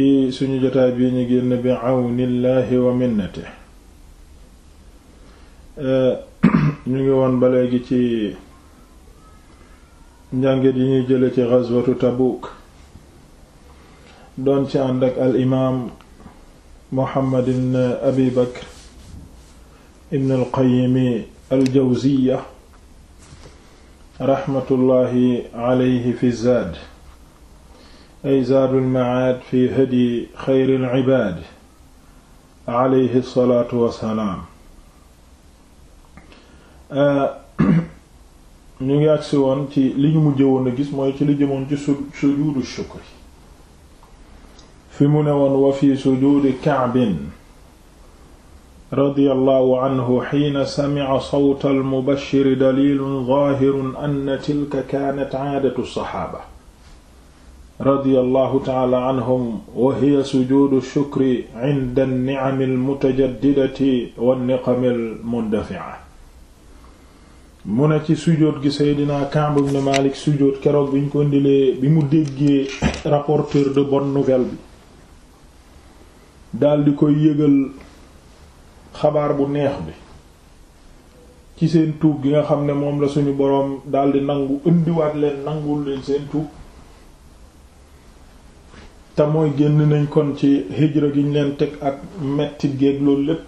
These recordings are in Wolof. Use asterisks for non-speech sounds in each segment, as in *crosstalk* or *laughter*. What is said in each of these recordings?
ci suñu jotaay bii ñu génn bi àwnillaahi wa minnate ñu ngi woon ba léegi ci njàngit yi ñuy jële ci ghazwatu Tabuuk doon ci ànd ak al imaam Muhammad ibn Abi Bakr ibn al Qayyim al Jawziyya raxmatullaahi alayhi fi Zaad ay zaadul macaad fi hadyi xayril cibaad alayhi salaatu wassalaam ñu ngi agsi woon ci li ñu mujj woon a gis mooy ci li jëmoon ci sujuudu shukri fi mu ne woon wa fi sujuudi kacbin radiyallahu anhu xiina samica sawta almubashiri dalilun zaahirun anna tilka kaanat caadatu saxaaba radiyallahu taala anhum wa hiya sujuudu shukri inda an mu ne ci sujoot gi Seydina Ka'b ibn Malik sujoot keroog bi ñu ko ndilee bi mu déggee rapporteur de bonne nouvelle bi daldi koy yëgal xabaar bu neex bi ci seen tuub gi nga xam ne moom la suñu boroom daldi nangu indiwaat leen nangul leen seen tuub te mooy génn nañ kon ci hijra gi ñu leen teg ak mettit géeg loolu lépp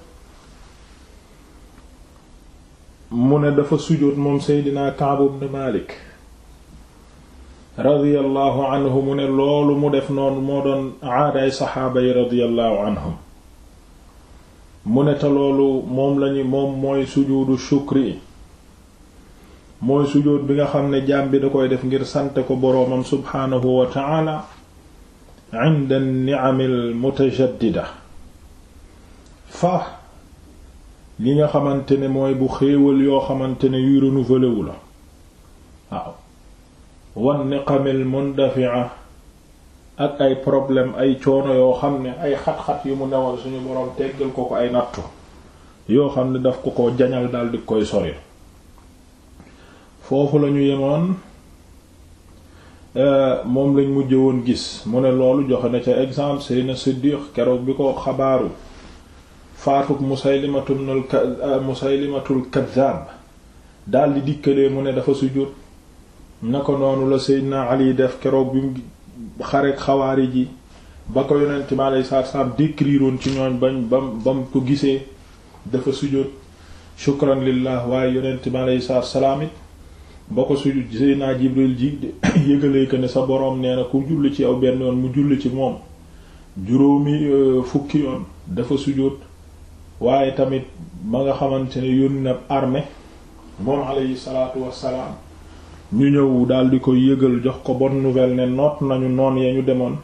mu ne dafa sujjóot moom seydina taabu ibn Malik radiyallahu anhu mu ne loolu mu def noonu moo doon aadaay saxaaba yi radiyallahu anhum mu ne te loolu moom lañu moom mooy sujuudu shukri mooy sujóot bi nga xam ne jaam bi da koy def ngir sante ko boroomam subhaanahu wa ta'ala inda ni'ami al-mutajaddida fa li nga xamante ne mooy bu xéewal yoo xamante ne yuy renouvelé wu la waaw wan ni'ami al ak ay problème ay coono yoo xam ne ay xat-xat yu mu newal suñu boroom teggal ko ko ay nattu yoo xam ne daf ko ko jañal daldi koy sori foofu lañu yemoon Euh, moom lañ mujje woon gis mu ne loolu joxe na ca exemple Seydina Siddiq keroog bi ko xabaaru faatuk Musaylimatul euh, Musaylimatul Kaddaab di dikkalee mu ne dafa sujjóot na ko noonu la Seydina Ali def keroog bi mu xareek xawaari ji ba ko yonent bi alayhi salaatu salaam décrire woon ci ñooñ ba bam bam ko gisee dafa sujjóot shukran lillah waaye yonent bi alayhi salaatu salaam it boo ko su Seydina Jibril ji *coughs* yëgalee que ne sa boroom nee na ku julli ci yow benn yoon mu julli ci moom juróomi euh, fukki yoon dafa sujjóot waaye tamit ba nga xamante ne yónni na armée moom alayhi salaatu wassalaam ñu ñëw dal di ko yëgal jox ko bonne nouvelle ne noot nañu noon ya ñu demoon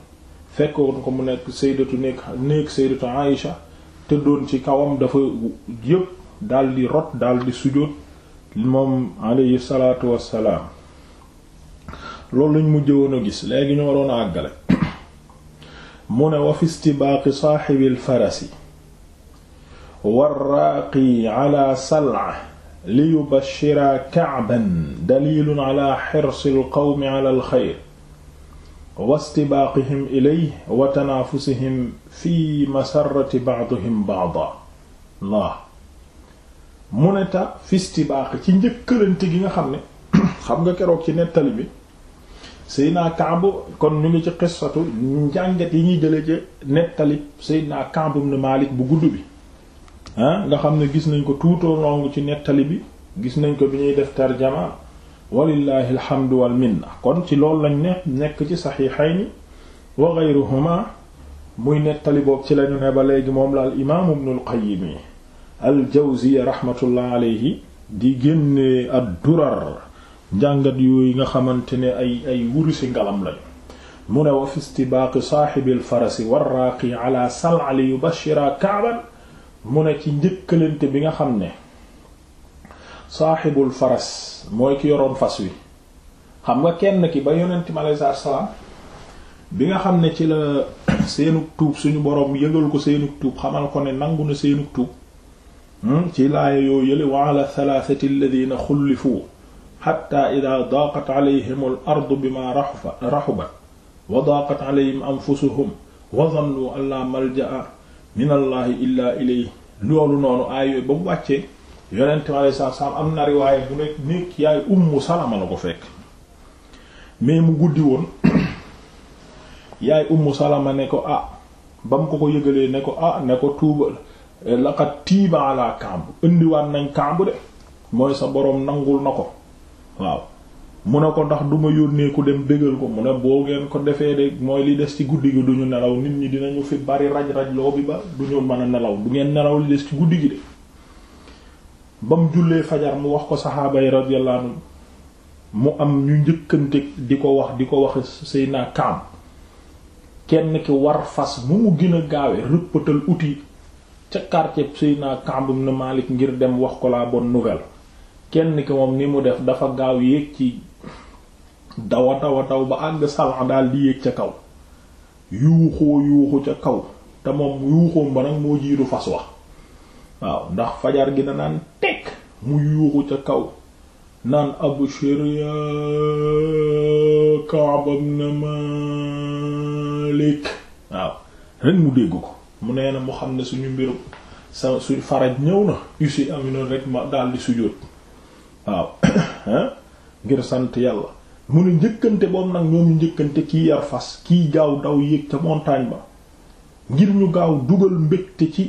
fekkoon ko mu nekk sayyidatu nekk nekk sayyidatu Aïcha tëddoon ci kawam dafa yëpp di rot daldi sujjóot moom alayhi salaatu wassalaam loolu lañ mujj woon a gis léegi ñu waroon a àggale mu ne wa fi istibaaqi saaxibil farasi warraaqi ala sal'a li yubashira ka'ban dalilun ala xirsil qawmi ala alxeyr wa istibaaqihim ilayhi wa tanaafusihim fi masarati ba'dihim ba'dan mu ne ta fisti baax ci njëkkalante gi nga xam ne *clears throat* xam nga keroog ci nettali bi Seydina Kaab kon ñu ngi ci xisatu njànget yi ñuy jële ci nettali Seydina Kaab ibn Malik bu gudd bi ah nga xam ne gis nañ ko tout au ci nettali bi gis nañ ko bi ñuy def tarjama walillahi alhamdu wal minna kon ci loolu lañ ne nekk ci saxiixayni wa geyruhuma muy nettali boobu ci lañu ne ba léegi moom la al imaamu ibnul Qayyim al-Jawziyya rahmatullah alayhi di génne ad-durar njàngat yooyu nga xamante ne ay ay wurusi ngalam lañu mu ne wa fi istibaaqi saaxibil farasi warraaqi ala sal'ali ci njëkkalante bi nga xam ne saaxibul faras mooy ki fas wi xam nga kenn ki ba yonent salaam bi nga xam ne ci la seenug tuub suñu boroom yëgal ko seenug tuub xamal ko ne nangu na seenug tuub Hmm? ci laaya yoo yële wa ala thalathati alladhina xullifu xatta ida daaqat alayhim al ardu bima raxubat wa daaqat alayhim anfusuhum wa zannu an la malja'a min allahi illa ilayhi loolu noonu aay yooyu ba mu wàccee yonente mi alei sat am na riwaaye bu nekk nekk yaay ummu salama la ko fekk mais mu guddi woon *coughs* yaay ummu salama ne ko ah ba mu ko ko yëgalee ne ko ah ne ko tuubal Eh, laqad tiiba ala kamb indiwaat nañ kamb de mooy sa boroom nangul na ko waaw mu ne ko ndax du ma yónnee ku dem bégal ko mu ne boo ngeen ko defee de mooy li des ci guddi gi duñu nelaw nit ñi dinañu fi bari raj-raj loo bi ba duñu mën a nelaw du ngeen nelaw li des ci guddi gi de ba mu jullee fajar mu wax ko saxaaba yi radiyallahu anhu mu am ñu njëkkante di ko wax di ko wax Seydina Kaab kenn ki war fas mu mu gën a gaawe rëppatal uti ca quartier Seydina Ka'b ibn Malik ngir dem wax ko la bonne nouvelle kenn ki moom ni mu def dafa gaaw yéeg ci dawa dawa daw ba àgg Sal'a daal di yéeg ca kaw yuuxoo yuuxu ca kaw te moom yuuxoom ba nag moo jiitu fas wax waaw ndax fajar gi na naan tekk mu yuuxu ca kaw naan abushir ya Ka'b ibn Malik waaw ren mu dégg ko mu nee na mu xam ne suñu mbirum sa su faraj ñëw na usi am rek ma daldi sujjóot waaw *coughs* ngir sant yàlla mu ne njëkkante boobu nag ñoom njëkkante kii yar fas kii gaaw daw yéeg ca montagne ba ngir ñu gaaw dugal mbégte ci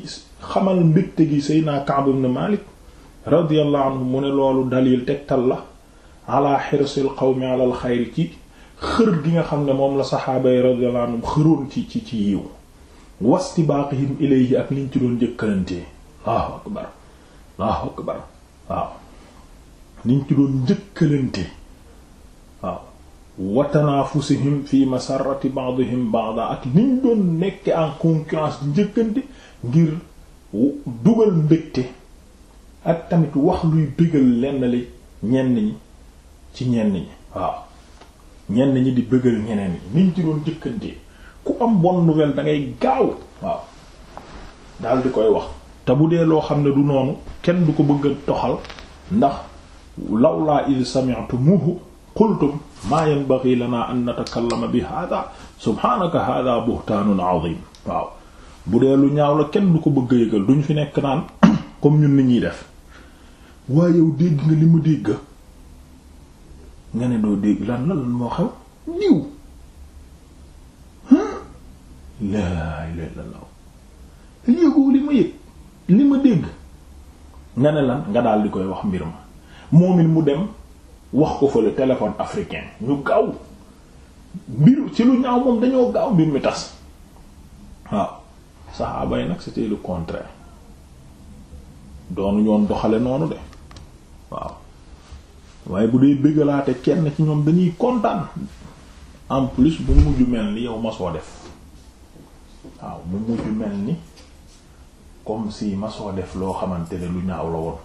xamal mbégte gi Seydina Ka'b ibn Malik radiyallahu mu ne loolu dalil tegtal la ala xirsil qawmi ala al xayri ci xër gi nga xam ne moom la saxaaba yi xëroon ci ci ci yiw wastibaaqihim ilayhi ak liñ ci doon njëkkalantee Allahu akbar Allahu akbar waaw liñ ci doon njëkkalante waaw wa tanaafusihim fi masarrati ba'dihim ba'da ak liñ doon nekke en concurrence njëkkante ngir dugal mbégte ak tamit wax luy bégal lenn li ñenn ñi ci ñenn ñi waaw ñenn ñi di bégal ñeneen ñi niñ ci doon njëkkantee ku am bonne nouvelle da gaaw waaw daal di koy wax te bu dee loo xam ne du noonu kenn du ko bëgg toxal ndax lawlaa id sami'tumuhu qultum maa yanbaghi lana an natakallama bi hadha subhanaka hadha buhtaanun azim waaw bu dee lu ñaaw la kenn du ko bëgg a yëgal duñ fi nekk naan *coughs* comme ñun ni ñuy def waaye yow dégg nga li mu dégg nga ne doo dégg lan la lan moo xew diw laa ilaha illallah yëgoo li ma yëg li ma dégg nga ne lan nga daal di koy wax mbir ma moom it mu dem wax ko fële téléphone africain ñu gaaw mbir ci lu ñaaw moom dañoo gaaw mbir mi tas waaw saxaaba yi nag c'était le contraire doonu ñoon doxale noonu de waaw waaye bu dee bëggalaate kenn ci ñoom dañuy kontaan en plus bu mujj mel ni yow ma soo def waaw mu mujj mel ni comme si masoo def loo xamante ne lu ñaaw la woon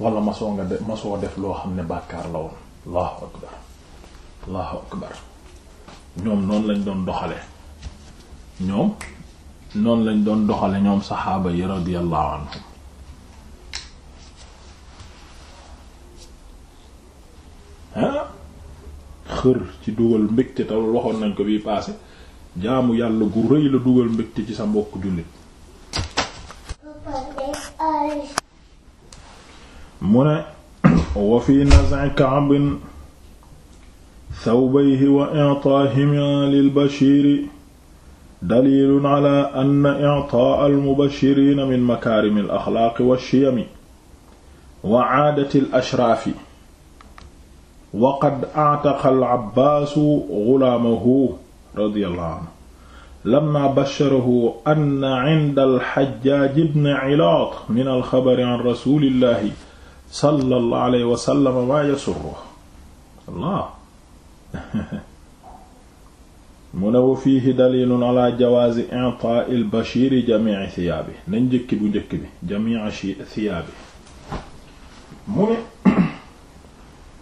wala masoo nga de masoo def loo xam ne bàkkaar la woon allahu akbar allahu akbar ñoom noonu lañ doon doxale ñoom noonu lañ doon doxale ñoom saxaaba yi radiyallahu anhum ah xër ci dugal mbégte te waxoon nañ ko bii passé jaamu yàlla gu rëy la dugal mbégte ci lil bashiri dalilun ala ann i'taa al min makaarimi al axlaaqi wa shiyami wa aadati al ashraafi wa qad a'taqa radiyallahu anhu lamma basharahu anna inda al-Hajjaj ibn Ilaat min al-xabari an rasulillahi sallallahu alayhi wa sallam ma yasurruhu Allah *laughs* mu ne wa fiihi dalilun ala jawaazi i'taa'i al-Bashir jamii'a thiyaabi nañ njëkki bu njëkk bi jamii'a thiyaabi mu ne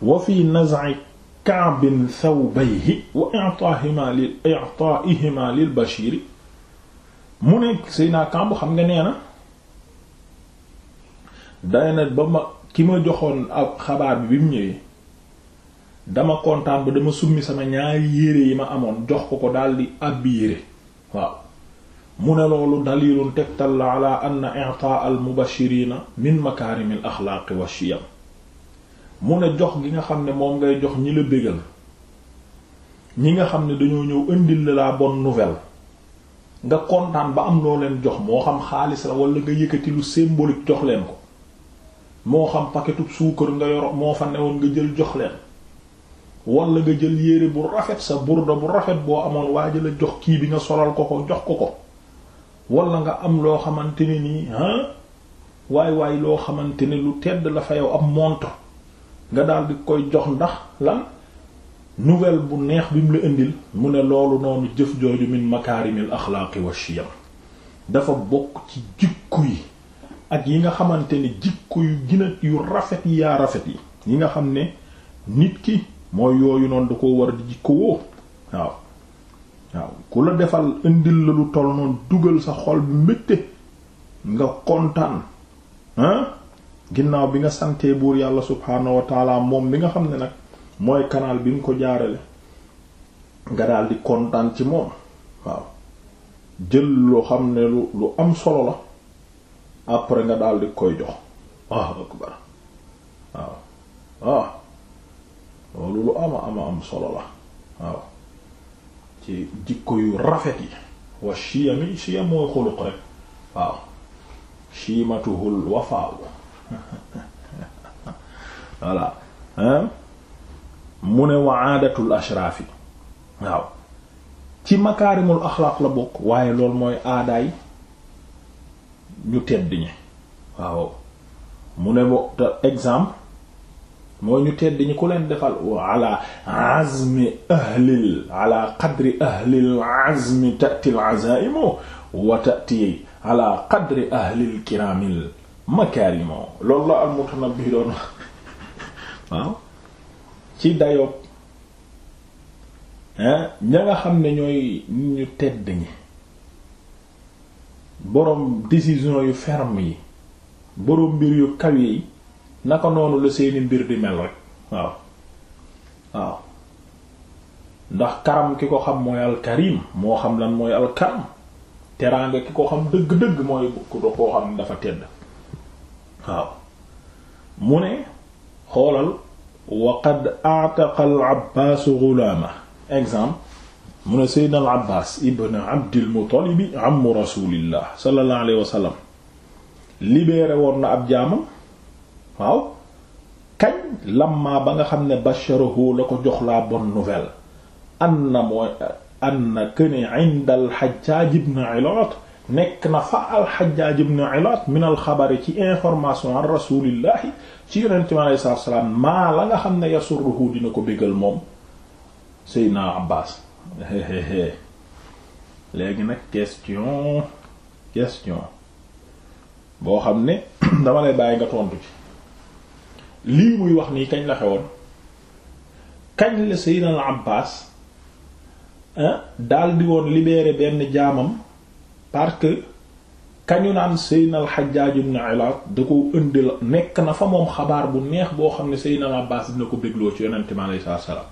wa fi naz'i kaabin thawbayhi wa i'taahima lil i'taahima lil bashiri mu ne Seydina Kamb xam nga nee na day na ba ma ki ma joxoon ab xabaar bi bi mu ñëwee dama kontaan ba dama summi sama ñaari yére yi ma amoon jox ko ko daldi àbbi yére waaw mu ne loolu dalilun tegtal la ala anna i'taa al mubashirina min makaarimil axlaaqi wa shiyam mu ne jox gi nga xam ne moom ngay jox ñi la bégal ñi nga xam ne dañoo ñëw indil la la bonne nouvelle nga kontaan ba am loo leen jox moo xam xaalis la wala nga yëkkati lu jox leen ko moo xam paquetu suukar nga yor moo fa newoon nga jël jox leen wala nga jël yére bu rafet sa burda bu rafet boo amoon waa jël la jox kii bi nga solal ko ko jox ko ko wala nga am loo xamante ne nii ah waay waay loo xamante ne lu tedd la fa yow am monta nga daal di koy jox ndax lan nouvelle bu neex bi mu la indil mu ne loolu noonu jëf jooju min makaarimil axlaaqi wa dafa bokk ci jikko yi ak yi nga xamante ne jikko yu gën yu rafet yi yaa rafet yi yi nga xam ne nit ki mooy yooyu noonu du ko war di jikko woo waaw waaw ku la defal indil la lu toll noonu dugal sa xol bi mbégte nga kontaan ah ginnaaw bi nga santee buur yàlla subhaanahu wa taala moom bi nga xam ne nag mooy kanaal bi nga ko jaarale nga daal di kontaan ci moom waaw jël loo xam ne lu lu am solo la après nga daal di koy jox waaw akbar waaw waaw ah. loolu lu ama ama am solo la waaw ci jikko yu rafet yi wa chiyami chia mooy xuluq *laughs* voilà mu ne wa aadatul ashraafi waaw ci makaarimul axlaaq la bokk waaye loolu mooy aadaay ñu tedd ñi waaw mu ne bo te exemple mooy ñu tedd ñi ku leen defal ala azmi ahlil ala qadri ahlil azmi tatil azaimu wa tati ala qadri ahlil kiramil makarimo loolu la al mutanabbi doon waaw ci dayob ña nga xam ne ñooy ñu tedd ñi boroom décision yu ferme yi boroom mbir yu kaw yi naka noonu la seeni mbir di mel rek waaw waaw ndax karam ki ko xam mooy alkarim moo xam lan mooy alkaram teraanga ki ko xam dëgg-dëgg mooy ku do koo xam dafa tedd waaw mu ne xoolal waqad ataqa al abbas ghulama exemple mu ne seydna al abbas ibn abdil muttalibi ammu rasulillah sallallahu alayhi wa sallam libéré woon na ab jaamam waaw kañ lamma ba nga xam ne basharahu la ko jox la bonne nouvelle anna mooy anna këne inda al hajjaj ibn ilat nekk na fa alxajjaaj ibn ilaat min alxabari ci information an rasulillahi ci yonente mi alei la nga xam ne yasurruhu dina ko bégal moom Seydina Abbas *laughs* léegi nag question question boo xam ne *clears throat* dama lay bàyyi nga tontu ci lii muy wax nii kañ la xewoon kañ la Seydina Abbas ah, daal di woon libeere benn jaamam parce que kañu naan Seydina al Hajjaj ibn Ilaat da ko indi la nekk na fa moom xabaar bu neex boo xam ne Seydina al Abbaas dina ko bégloo ci yonente mi alayhi salaam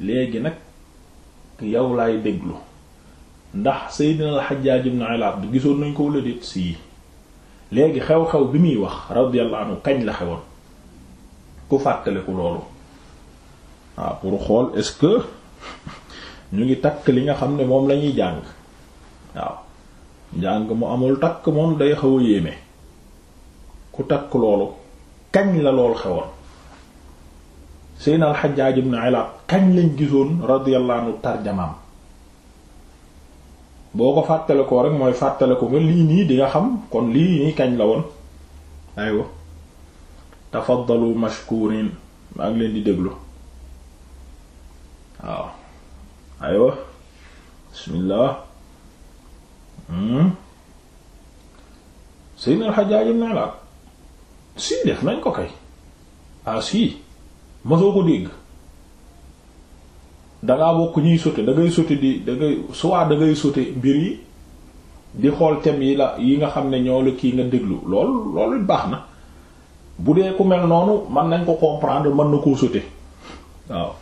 léegi nag yow laay déglu ndax Seydina al Hajjaj ibn Ilaat gisoon nañ ko wala déet sii léegi xew-xew bi muy wax radiyallahu anhu kañ la xewoon ku fàttaliku loolu waaw ah, pour xool est-ce que *laughs* ñu ngi takk li nga xam ne moom lañuy jàng waaw njàng mu amul takk moom day xaw a yéeme ku takk loolu kañ la lool xewoon seyna alxajaaj ibn ilaab kañ lañ gisoon radiyallahu anhu tarjamaam boo ko fàttalikoo rek mooy fàttaliku nga lii nii di nga xam kon lii nii kañ la woon aywa tafaddalu mashkurin maa ngi leen di déglu waaw aywa bismillah Hmm? Seydina al-Hajjaj ibn Ala si def nañ ko kay ah si mosoo ko dégg dangaa bokk ñuy sauter da ngay sauter di da ngay soit da ngay sauter mbir yi di xool thème yi la yi nga xam ne ñoo la kii nga déglu loolu loolu baax na bu dee ku mel noonu man nañ ko comprendre man na koo sauter waaw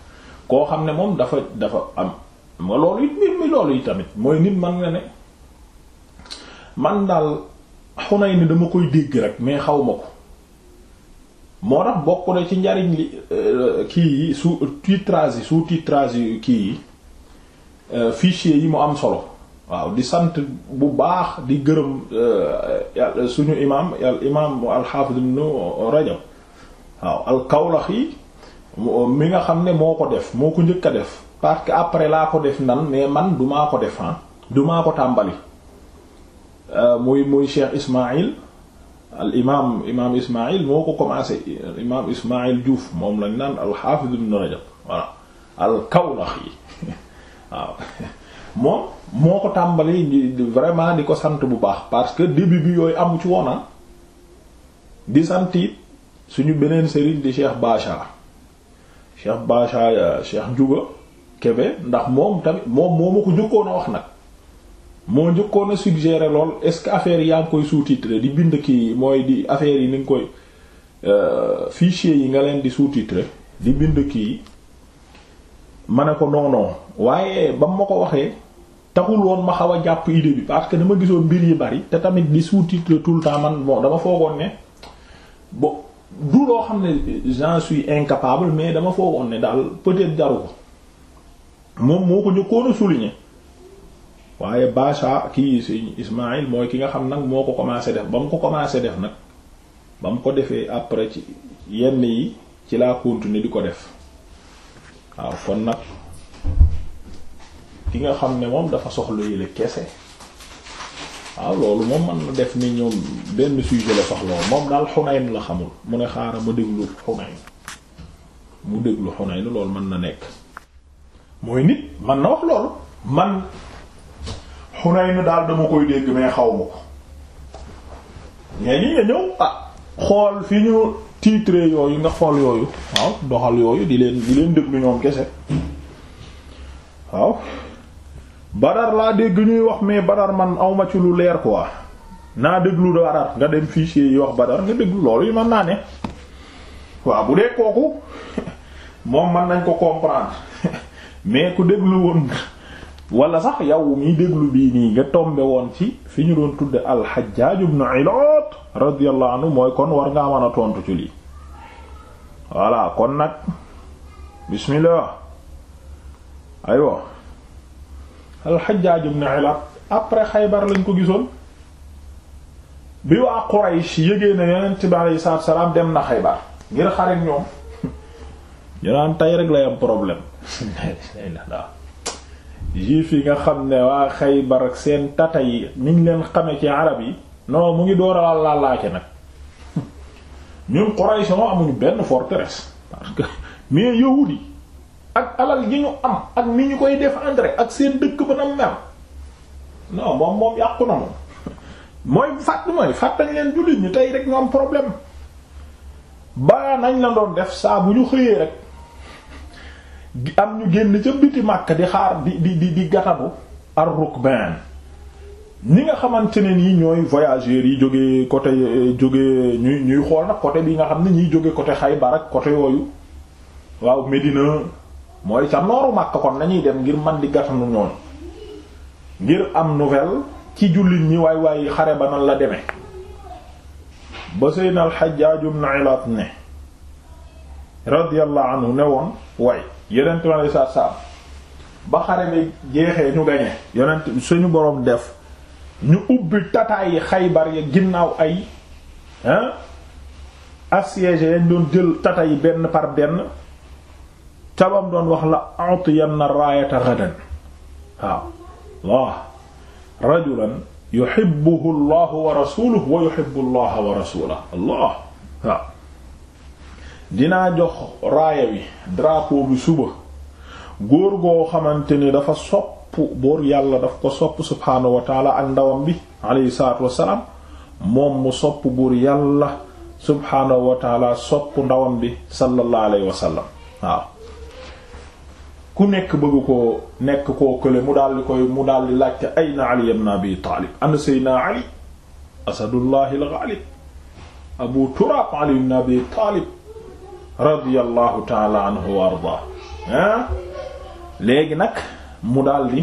koo xam ne moom dafa dafa am nga loolu it mbir mi loolu yi tamit mooy nit mën na ne man daal ni dama koy dégg rek mais xaw ma ko moo tax bokk na ci njariñ li euh, kii yi sous euh, titrage yi sous titrage yi kii yi euh, fichier yi mu am solo waaw di sant bu baax di gërëm suñu imaam al imaam al-Hafiz ibn Rajab waaw al-Kawlaxi mi nga xam ne moo ko def moo ko njëkk a def parce que après laa ko def nan mais man du maa ko def ah du maa ko tàmbali Euh, muy muy Cheikh Ismaïl al imaam imaam Ismaïl moo ko commencé imaam Ismaïl Diouf moom lañ naan al Hafiz ibn Rajab voilà al Kawlaxi *laughs* waaw moom moo ko tàmbali vraiment di ko sant bu baax parce que début bi yooyu amu ci woon ah. di sant suñu beneen sëriñ di Cheikh Bacha Cheikh Bacha euh, Cheikh Ndiouga kebe ndax moom tamit moom moo ma ko jëkkoon a wax nag. moo njëkkoon a suggérer lool est-ce que affaire yi yaa ngi koy sous-titrer di bind kii mooy di affaire yi ni koy euh, fichier yi nga leen di sous-titrer di bind kii ma ne ko non non waaye ba ma ko waxee taxul woon ma xaw a jàpp idée bi parce que dama gisoon mbir yi bari te tamit di sous-titrer tout le temps man bon dama foogoon ne bo du loo xam ne j'en suis incapable mais dama foogoon ne daal peut-être jaru ko moom moo ko njëkkoon a waaye Bacha kii si Ismaïl mooy ki nga xam nag moo ko commencé def ba mu ko commencé def nag ba mu ko defee après ci yenn yi ci laa continuer di ko def waaw fon nag ki nga xam ne moom dafa soxla yéle kese waaw loolu moom man na def ni ñoom benn sujet la soxla moom daal Hunayn la xamul mu ne xaaral ma déglu Hunayn mu déglu Hunayn loolu mën na nekk mooy nit man na wax loolu man. Hunayn daal dama koy dégg mais xaw ma ko léegi nga ñëw ah xool fi ñu titre yooyu nga xool yooyu waaw doxal yooyu di leen di leen déglu ñoom kese waaw Badar laa dégg ñuy wax mais Badar man awma ci lu leer quoi naa déglu Badar nga dem fichier yi wax Badar nga déglu loolu yi mën naa ne waaw bu dee kooku *laughs* moom mën nañ ko comprendre *laughs* mais ku déglu woon wala sax yow miy déglu bii nii nga tombe woon ci fi ñu doon tudde al-Hajjaj ibn Ilaat radiyallahu anhu mooy kon war ngaa mën a tontu ci lii voilà kon nag bismillah aywa al-Hajjaj ibn après Xaybar lañ ko gisoon bi waa Quraysh yëgee na Yonent bi alayhi salaam dem na Xaybar ngir xarit ñoom *laughs* ñu naan tey rek lay am problème *laughs* juif yi nga xam ne waa Xaybar ak seen tata yi niñ leen xame ci arab yi no mu ngi door a laalaace nag *laughs* ñun Quraysh moo amuñu benn forteresse parce que mais yahudi yi ak alal yi ñu am ak ni ñu koy défendre ak seen dëkk ba nam mel non moom moom yàqu na moom *laughs* mooy fàtt mooy fàttañ leen jullit ñu tey rek ñu am problème ba nañ la doon def saa bu ñu xëyee rek am ñu génn ca biti Makka di xaar di di di di gatanu ar-rukban ñi nga xamante ne nii ñooy voyageurs yi jóge côté jógee ñuy ñuy xool nag côté bi nga xam ne ñuy jóge côté Xaybar ak côté yooyu waaw Medina mooy ca nooru Makka kon nañuy dem ngir man di gatanu ñoon ngir am nouvelle ci jullit ñi waay waay xare ba nan la deme ba Seydina al-Hajjaj ibn Ilat ne radiyallahu anhu ne woon waay yonent bi alei satu salaam ba xare bi jeexee ñu gañe yonent suñu boroom def ñu ubbi tataayi xaybar ya ginnaaw ay hein assiégé yañ doon jël tata benn par benn cabam doon wax la atiyanna raayata gadan waaw Allah rajulan yuhibbuhu Allah wa rasuluhu wa Allah dinaa jox raaya bi drapeau suba góor goo xamante ne dafa sopp boor yàlla daf ko sopp subhaanahu wa taala ak bi alayhi salaatu wassalaam moom mu sopp buur yàlla subhaanahu wa sopp ndawam bi sallallahu alayhi wa sallam ku nekk bëgg koo nekk koo kële mu daal koy mu daal di laajte ayna Ali ibn Abi Taalib ana Seydina Ali asadullahi al-ghalib Abu Turab Ali ibn Taalib radiyallahu taala anhu wa ardaa léegi nag mu daldi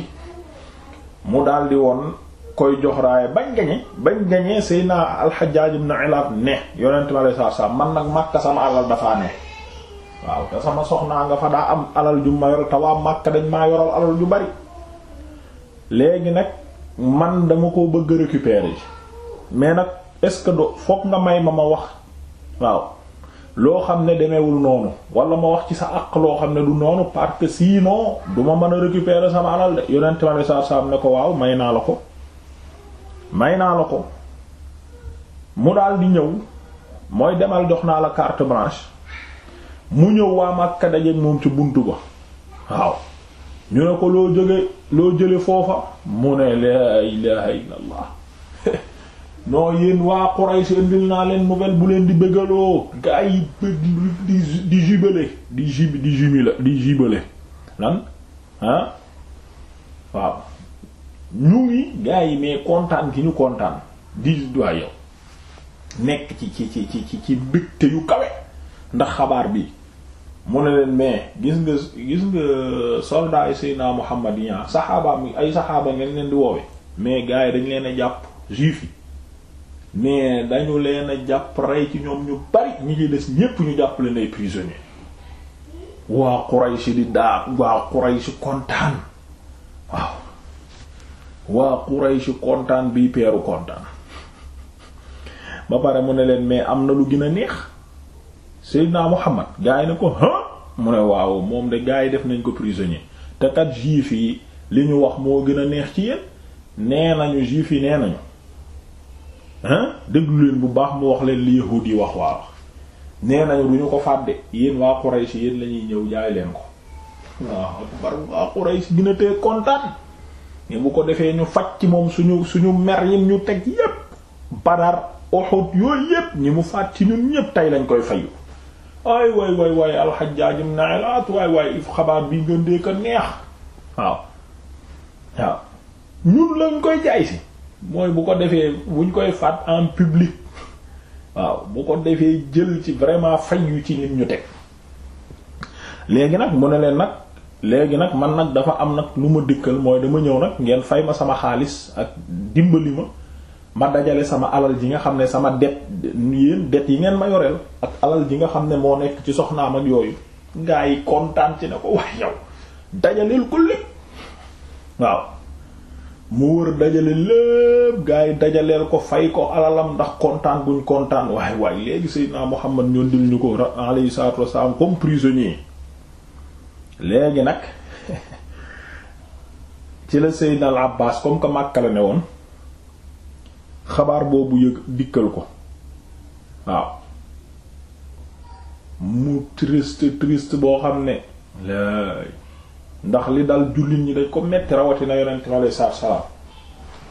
mu daldi woon koy jox raaya bañ gañe bañ gañe Seydina al-Hajjaj ibn Ilaat ne yonent bi alayhi man nag Makka sama alal dafaa ne waaw te sama soxnaa nga fa daa am alal ju yor te waa Makka dañ maa yoral alal ju bari léegi nag man dama ko bëgg récupérer mais nag est-ce que do foog nga may ma ma wax waaw loo xam ne demeewul noonu walla ma wax ci sa àq loo xam ne du noonu parce que sinon du ma mën a récupérer sama alal de yonent ma ne saab ne ko waaw may naa la ko may naa la ko mu daal di ñëw mooy demal jox naa la carte blanche mu ñëw waa Makka dajeek moom ci buntu ba waaw ñu ne ko loo jóge loo jële foofa mu ne laa ilaha illallah non yéen waa Quraysh indil naa leen nouvelle bu leen di bëggaloo gaa yi di di di jub di jubile di jubale lan ah waaw ñu ngi gaa yi mais kontaan ki ñu kontaan di waay yow nekk ci ci ci ci ci mbégte yu kawe ndax xabaar bi mu ne leen mais gis nga gis nga soldat yi a Muhammad yi ah, saxaaba mi ay saxaaba ngeen leen di woowe mais gaa yi dañ leen a jàpp juif yi mais dañu leen a jàpp rey ci ñoom ñu bari ñi ci des ñépp ñu jàpp leen ay prisonniers waa Quraysh di daa waa Quraysh kontaan waaw waa Quraysh kontaan bii peeru kontaan ba pare mu ne leen mais am na lu gën a neex Seydina Muhammad gaa yi ne ko ha mu ne waaw moom de gaa yi def nañ ko prisonnier te kat juif yi li ñu wax moo gën a neex ci yéen nee nañu juif yi nee nañu hein déglu bu baax mu wax leen li yahuud yi wax waa wax nee nañu du ñu ko fàdde yéen waa Quraysh yéen la ñuy ñëw jaay leen ko waaw akbar waa Quraysh gën a tee kontaan mais bu ko defee ñu faj ci moom suñu suñu mer yi ñu teg yépp Badar Uhud yooyu yépp ñi mu faat ci ñun ñépp tey lañ koy fayu ay waay waay waay alxajaajum naa laat waay waay if xabaar bi ngëndee ko neex waaw waaw ñun lañ koy jaay si mooy bu ko defee buñ koy faat en public waaw bu ko defee jël ci vraiment fay yu ci lim ñu teg léegi nag mu ne leen nag léegi nag man nag dafa am nag lu ma dëkkal mooy dama ñëw nag ngeen fay ma sama xaalis ak dimbali ma ma dajale sama alal ji nga xam ne sama det yéen det yi ngeen ma yoreel ak alal ji nga xam ne moo nekk ci soxnaam mag yooyu gaa yi kontaan ci ne ko wax yow dajaleel ko lépp waaw mu wër dajale lépp gaa yi dajaleel ko fay ko alalam ndax kontaan guñ kontaan waaye waaye léegi Seydina Muhammad ñoo dil ñu ko alayhi salaatu wassalaam comme prisonnier léegi nag *laughs* ci la Seydina al Abbas comme que Makka ne woon xabaar boobu yëg dikkal ko waaw mu triste triste boo xam ne laay ndax li dal jullit ñi dañ ko metti rawatina yonent mi alayhi salaatu salaam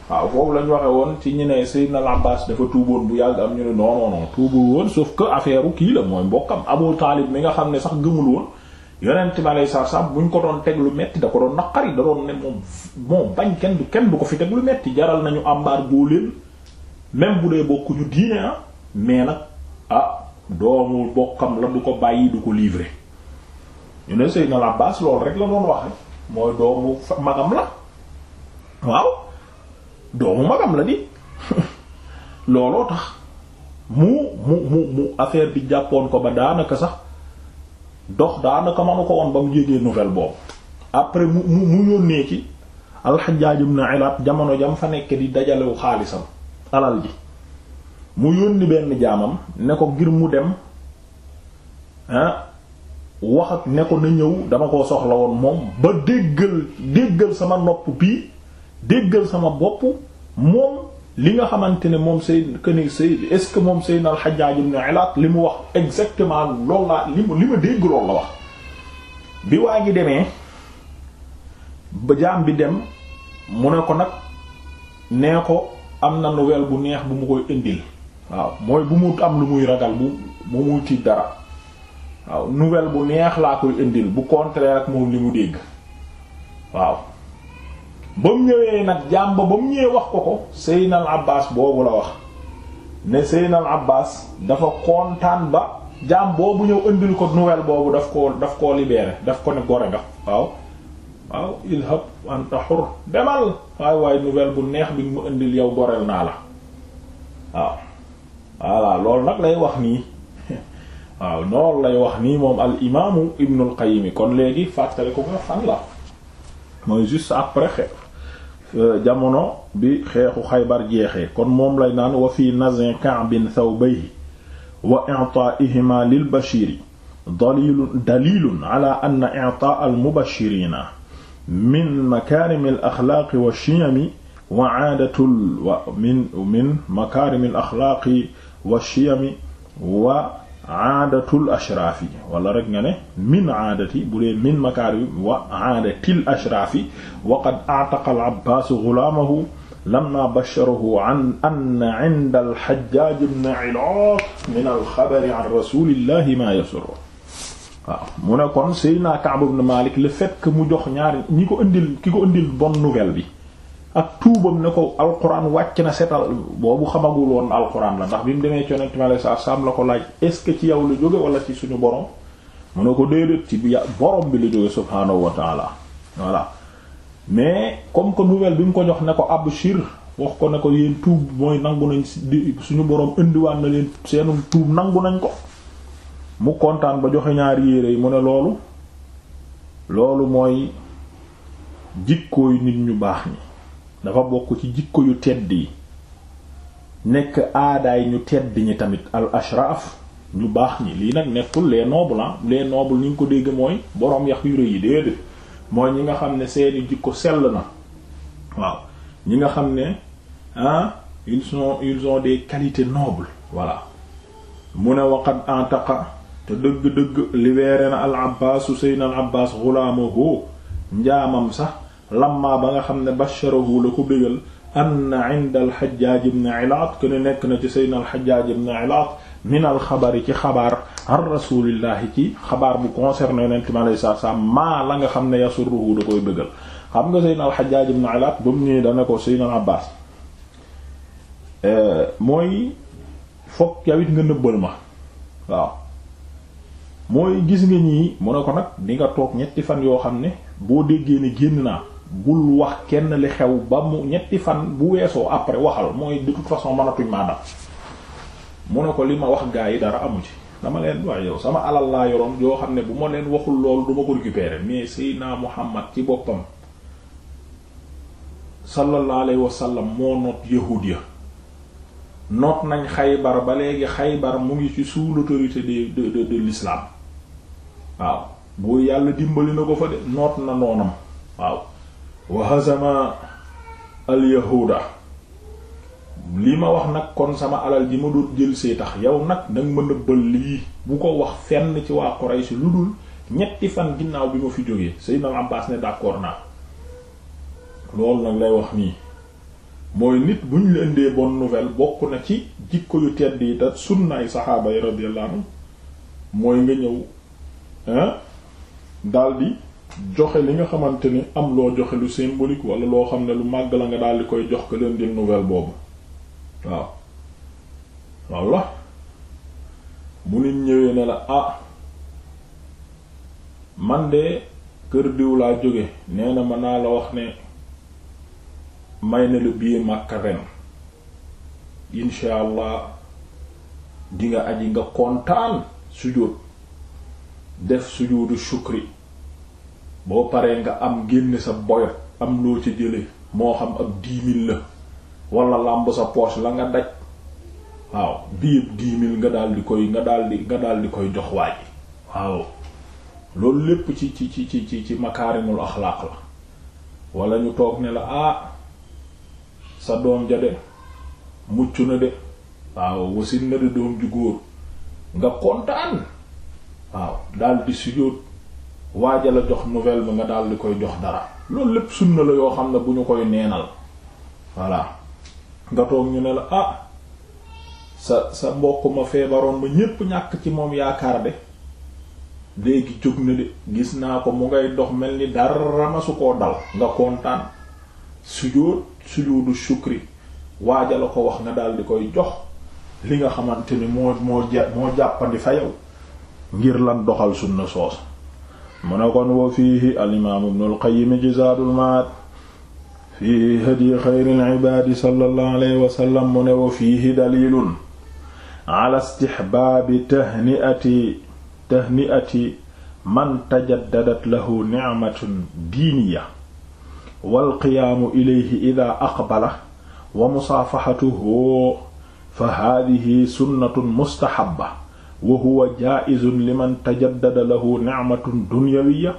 waaw foofu lañ waxe woon ci ñu ne Sayyidna Abbas dafa tuuboon bu yàgg am ñu ne non non non tuubul woon sauf que affaire kii la mooy mbokkam Abu Taalib mi nga xam ne sax gëmul woon yonent mi alayhi salaatu salaam buñ ko doon teg lu metti da ko doon naqari da doon ne moom moom bañ kenn du kenn du ko fi teg lu metti jaral nañu ambaar góoleel même bu dee bokkuñu diine ah mais nag ah doomu bokkam la du ko bàyyi du ko livrer. ñu ne Seydina Abbas loolu rek la doon waxe mooy doomu magam la waaw doomu magam la di *laughs* looloo tax mu mu mu mu affaire bi jàppoon ko ba daanaka sax dox daanaka manu ko woon ba mu yégee nouvelle boobu après mu mu mu yónnee ci al-Hajjaj ibn jamono jam fa nekk di dajalewu xaalisam alal ji mu yónni benn jaamam ne ko ngir mu dem ah wax ak ne ko na ñëw dama koo soxla woon moom ba déggal déggal sama nopp bii déggal sama bopp moom li nga xamante ne moom say que say est-ce que moom Seydina al-Hajjaj ibn Ilaat li mu wax exactement loolu laa li li ma dégg loolu la wax bi waa ngi demee ba jaam bi dem mu ne ko nag nee ko am na nouvelle bu neex bu mu koy indil waaw mooy bu mu am lu muy ragal bu bu muy tiit dara waaw nouvelle bu neex laa koy indil bu contraire ak moom li mu dégg waaw ba mu ñëwee nag jàmba ba mu ñëwee wax ko ko Seynal Abbas boobu la wax ne Seynal Abbas dafa kontaan ba jaam boobu ñëw indil ko nouvelle boobu daf koo daf koo libéré daf ko ne gore nga waaw waaw ilhab anta hur demal waaye waaye nouvelle bu neex bi mu indil yow goreel naa la waaw voilà loolu nag lay wax nii waaw noonu lay wax nii moom al imaamu Ibnul Qayyim kon léegi fàttali ko nga fan la mooy juste après xeex euh, jamono bi xeexu Xaybar jeexee kon moom lay naan wa fi naz'i Ka'bin thawbayhi wa i'ta'ihima lil bashiri dalilun dalilun ala anna i'ta' al mubashirina min makarim al akhlaq wa shiyam wa 'aadatul wa min min makarim al akhlaq wa shiyam wa aadatul ashraafi wala rek nga ne min aadati bu dee min makaarim wa aadatil ashraafi wa qad a'taqa al-Abbaas ghulaamahu lamma basharahu an anna 'inda al-Hajjaaj ibn 'Ilaaq min al-khabari 'an rasuulillaahi maa yasurru waaw mu ne kon Seydina Ka'b ibn Maalik le fait que mu jox ñaari ñi ko indil ki ko indil bonne nouvelle bi ak tuubam ne ko alquran wàcc na setal boobu xamagul woon alquran la ndax bi mu demee yonent bi alayhi salaatu salaam la ko laaj est-ce que ci yow la jóge wala ci suñu borom mu ne ko déedéet ci bi borom bi la jóge subhaanahu wa taala voilà mais comme que nouvelle bi mu ko jox ne ko abshir wax ko ne ko yéen tuub mooy nangu nañ suñu borom indiwaan na leen seenu tuub nangu nañ ko mu kontaan ba joxe ñaari yére yi mu ne loolu loolu mooy jikkooy nit ñu baax ñi dafa bokk ci jikko yu tedd yi nekk aadaay ñu tedd ñi tamit al ashraaf ñu baax ñi lii nag nekkul les nobles la ah. les nobles ni nga ko dégg mooy boroom yax yu rëy yi déedéet mooy ñi nga xam ne seeni jikko sell na waaw ñi nga xam ne ah ils sont ils ont des qualités nobles voilà mu ne waqad antaqa te dëgg-dëgg libéré na al abbaasu seydna al abbas xulaamahu njaamam sax lamma ba nga xam ne basharahu la ko bégal anna inda alxajaj ibn ilaat kene nekk na ci seydna alxajaj ibn ilaat min alxabari ci xabaar an rasulillahi ci xabaar bu concerné yonent mi alayhi salaatu salaam maa la nga xam ne yasurruhu da koy bégal xam nga seydna alxajaj ibn ilaat ba mu ñëwee dana ko seydna abbas e, mooy fokk yawit nga nëbbal ma waaw mooy gis nga ñii mu ne ko nag di nga toog ñetti fan yoo xam ne boo déggee ne génn naa bul wax kenn li xew ba mu ñetti fan bu weesoo après waxal mooy de toute façon mënatuñ maa dab mu ne ko li ma wax gaa yi dara amu ci dama leen wax yow sama alal laa yoroon yoo xam ne bu ma leen waxul loolu duma ko récupérer mais Seydina Muhammad ci boppam sallallahu alayhi wa sallam moo noot yahuud ya noot nañ xaybar ba léegi xaybar mu ngi ci sous l'autorité de de de l'islam waaw bu yàlla dimbali na ko fa de noot na noonam waaw wa hazama al li ma wax nag kon sama alal ji ma doon jël tax yow nag nag ma nëbbal lii bu ko wax fenn ci waa Quraysh lu dul ñetti fan ginnaaw bi ma fi jógee Sayyidna Abbaas ne d'accord naa loolu nag lay wax nii mooy nit bu ñu la indee bonne nouvelle bokk na ci jikko yu tedd yi te sunnaay saxaaba yi radiyallahu anhu mooy nga ñëw daldi joxe li nga xamante ni am loo joxe lu symbolique wala loo xam ne lu màgg la nga daal di koy jox ko leen di nouvelle boobu waaw walla bu nit ñëwee ne la ah man de kër diw laa jóge nee na ma naa la wax ne may na la billet Makka ren incha allah di nga nga kontaan sujjóot def sujjóotu shukri boo paree nga am génne sa boyot am loo ca jële moo xam ab dix mille la wala làmb sa poche la nga daj waaw bii ab dix nga daal di koy nga daal di koy jox waaj waaw loolu lépp ci ci ci ci ci ci makaarimul axlaaq la walla ñu toog ne la ah sa doom ja de mucc na de waaw wasin na de doom ju góor nga kontaan waaw daal di sujjóot waaja la jox nouvelle bi nga daal di koy jox dara loolu lépp sunna la yoo xam ne bu ñu koy neenal voilà nga toog ñu ne la ah sa sa mbokk ma feebaroon ba ñépp ñàkk ci moom yaakaar de léegi jóg na de gis naa ko mu ngay dox mel ni dara ma su koo dal nga kontaan sujjóot sujjóotu shukri waaja la ko wax nga daal di koy jox li nga xamante ni moo moo moo jàppandi fa yow ngir lan doxal sunna soos mu ne kon wa fiihi alimaam ibnul qayyim ci zaadul maad fii hadyi xayril ibaadi sallallahu alayhi wa sallam mu ne wa fiihi daliilun ala istixbaabi tahniati tahniati man tajaddadat lahu nicmatun diiniya walqiyaamu ilayhi ida aqbala wa musaafaxatuhu fa haadihi sunnatun mustaxabba wa huwa jaa'izun liman tajaddada lahu ni'matun dunyawiyya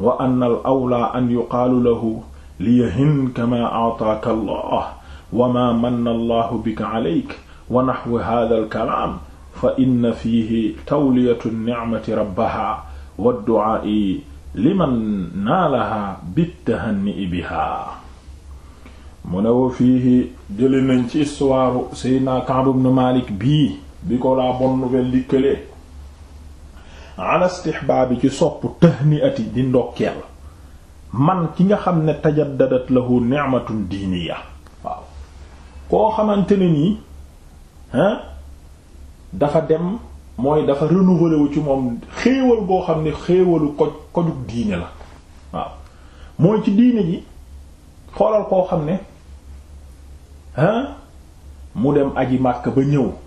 wa anna al awlaa an yuqaalu lahu liyahin kamaa a'taaka allah wa maa manna allahu bika alayk wa naxwu haadha al kalaam fa inna fiihi tawliyatu nicmati rabbaha wa du'aa'i liman naalaha bittahanni'i biha mu ne wa fiihi jëli nañ ci istuwaaru Seydina Ka'b ibn Maalik bii bi ko laa bonne nouvelle di këlee ala istihbaabi ci sopp tahniati di ndokkeel man ki nga xam ne tajaddadat lahu ni'matun diiniya waaw koo xamante ne nii dafa dem mooy dafa renouveler wu ci moom xéewal boo xam ne xéewalu koj kojug diine la waaw mooy ci diine ji xoolal koo xam ne hein mu dem aji màkk ba ñëw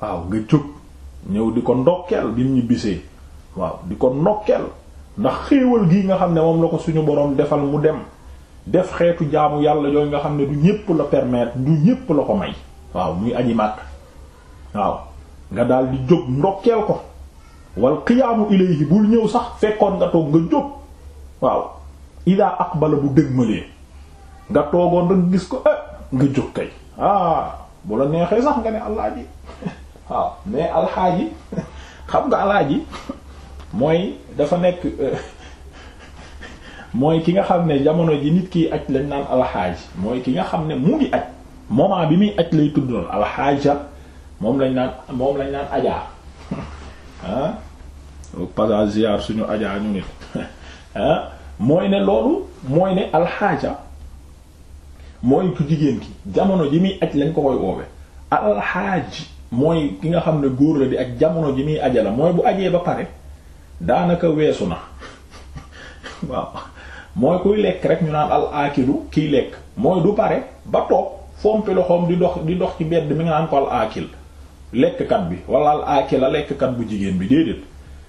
waaw nga jóg ñëw di ko ndokkeel bi ñu bisee waaw di ko ndokkeel ndax xéewal gii nga xam ne moom la ko suñu boroom defal mu dem def xeetu jaamu yàlla yooyu nga xam ne du ñépp la permettre du ñépp la ko may waaw muy aji màkk waaw nga daal di jóg ndokkeel ko wal qiyaamu ilayhi bul ñëw sax fekkoon nga toog jóg waaw idaa aqbala bu dëgmalee nga toogoon rek gis ko eh nga jóg kay ah bu la neexee sax nga ne allah ji *laughs* waaw mais alxaaji xam nga alaaji mooy dafa nekk euh, mooy ki nga xam ne jamono ji nit kiy aj lañ naan alxaaji mooy ki nga xam ne mu ngi aj moment bi muy aj lay tudd noonu alxaaja moom lañ naan moom lañ naan ajaa *laughs* ah pasa ziar suñu ajaa ñu nit *laughs* ah mooy ne loolu mooy ne alxaaja mooy ku jigéen ki jamono ji muy aj lañ ko koy woowe alxaaji mooy ki nga xam ne góor la di ak jamono ji muy aja la mooy bu ajee ba pare daanaka weesu na *laughs* waaw mooy kuy lekk rek ñu naan al aakilu kiy lekk mooy du pare ba toog fompi loxoom di dox di dox ci bedd mi nga naan ko al aakil lekkkat bi wala al aakila lekkkat bu jigéen bi déedéet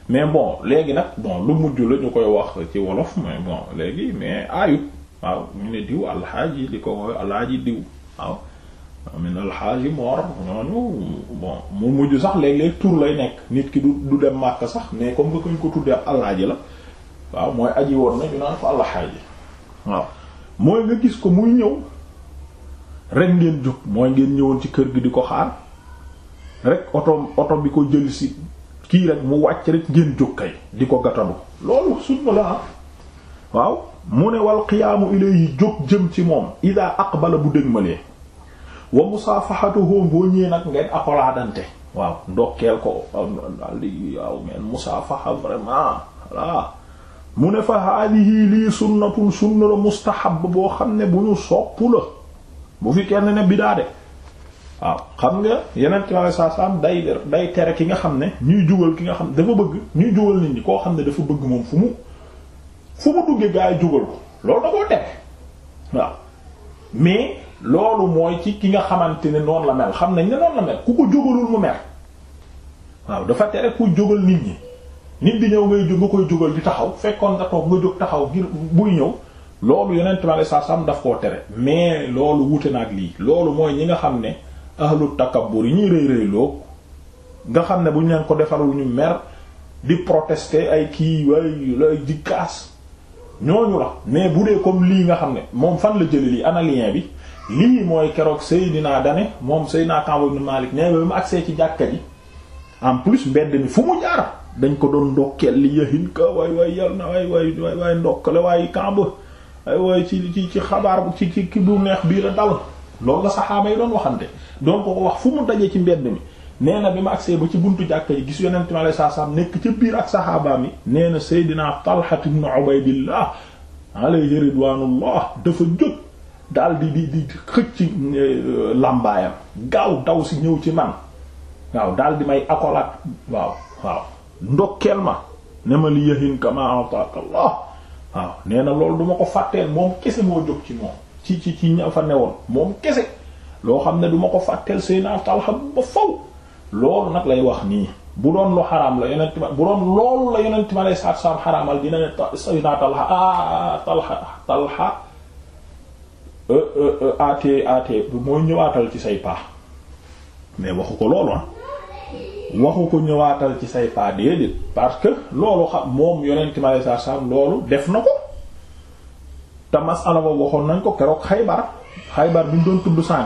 mais bon léegi nag bon lu mujj la ñu koy wax ci wolof mais bon léegi mais aayut waaw ñu ne diw alxaaji li ko woowe alxaaji diw waaw amin alxaaji moor ñooñu bon mu mujj sax léeg-léeg tur lay nekk nit ki du du dem màkk sax mais comme que kuñ ko tuddee ab alxaaji la mooy aji woon na ñu ko alxaaji waaw mooy nga gis ko muy ñëw rek ngeen jóg mooy ngeen ñëwoon ci kër gi di ko xaar rek oto oto bi ko jël si kii rek mu wàcc rek ngeen jóg kay di ko gatanu loolu sunna la ah waaw mu ne wal qiyaamu ilayhi jóg jëm ci moom ida bala bu dégmalee wa musaafahatuhu boo ñëwee nag ngeen akolaadante waaw ndokkeel ko daal di waaw ngeen vraiment voilà mu ne fa haadihi lii sunnatun sunna la mustahab boo xam ne bu ñu sopp la bu fi kenn ne bidaa de waaw xam nga yeneen ci wàllu saa saa day day tere ki nga xam ne ñuy jugal ki nga xam dafa bëgg ñuy jugal nit ñi koo xam ne dafa bëgg moom fu mu fu mu duggee gaa yi jugal ko loolu da tere waaw mais loolu mooy ci ki nga xamante ne noonu la mel xam nañ ne noonu la mel ku ko jógalul mu mer waaw dafa tere ku jógal nit ñi nit di ñëw ngay jóg nga koy jógal di taxaw fekkoon nga toog nga jóg taxaw ngir buy ñëw loolu yonent ma la saasam daf koo tere mais loolu wute na lii loolu mooy ñi nga xam ne takka takabbur yi ñuy rëy rëyloo nga xam ne bu ñu leen ko defarul ñu mer di protester ay kii way lay di kaas ñooñu la mais bu dee comme lii nga xam ne moom fan la jële lii ana bi lii mooy keroog Seydina dane moom Seydina Ka'b ibn Malik nee ba mu agsee ci jàkka ji en plus mbedd mi fu mu jaar dañ ko doon ndokkeel li yëhin ka waay waay yal na waay waay waay ndokkale waay ci ci ci ci ci bu neex bii la dal loolu la saxaaba yi doon waxante doon ko ko wax fu mu dajee ci mbedd mi nee na bi ma agsee ba ci buntu jàkka ji gis yonente mi alayhi salaam nekk ci biir ak saxaaba mi nee na Seydina Talha ibn Ubaydillah alayhi ridwanullah daal di di di xëcc euh, làmbaayam gaaw daw si ñëw ci man waaw daal di may accolade waaw waaw ndokkeel ma ne ma li yahin kama ataaka Allah waaw nee na loolu du ma ko fàtteel moom kese moo jóg ci moom ci ci ci ña fa newoon moom kese loo xam ne duma ko fàtteel Seydina Talha ba faw loolu nag lay wax nii bu doon lu xaraam la yonent ma bu doon loolu la yonent ma lay saat saam xaraamal dina ne Seydina Talha ah, Euh, euh, euh, at at mooy ñëwaatal ci say paa mais waxu ko loolu ah. waxu ko ñëwaatal ci say paa déedéet parce que loolu xam moom yonent ma saa loolu def na ko te masala waxoon nañ ko keroog xaybar xaybar bi ñu doon tudd sànq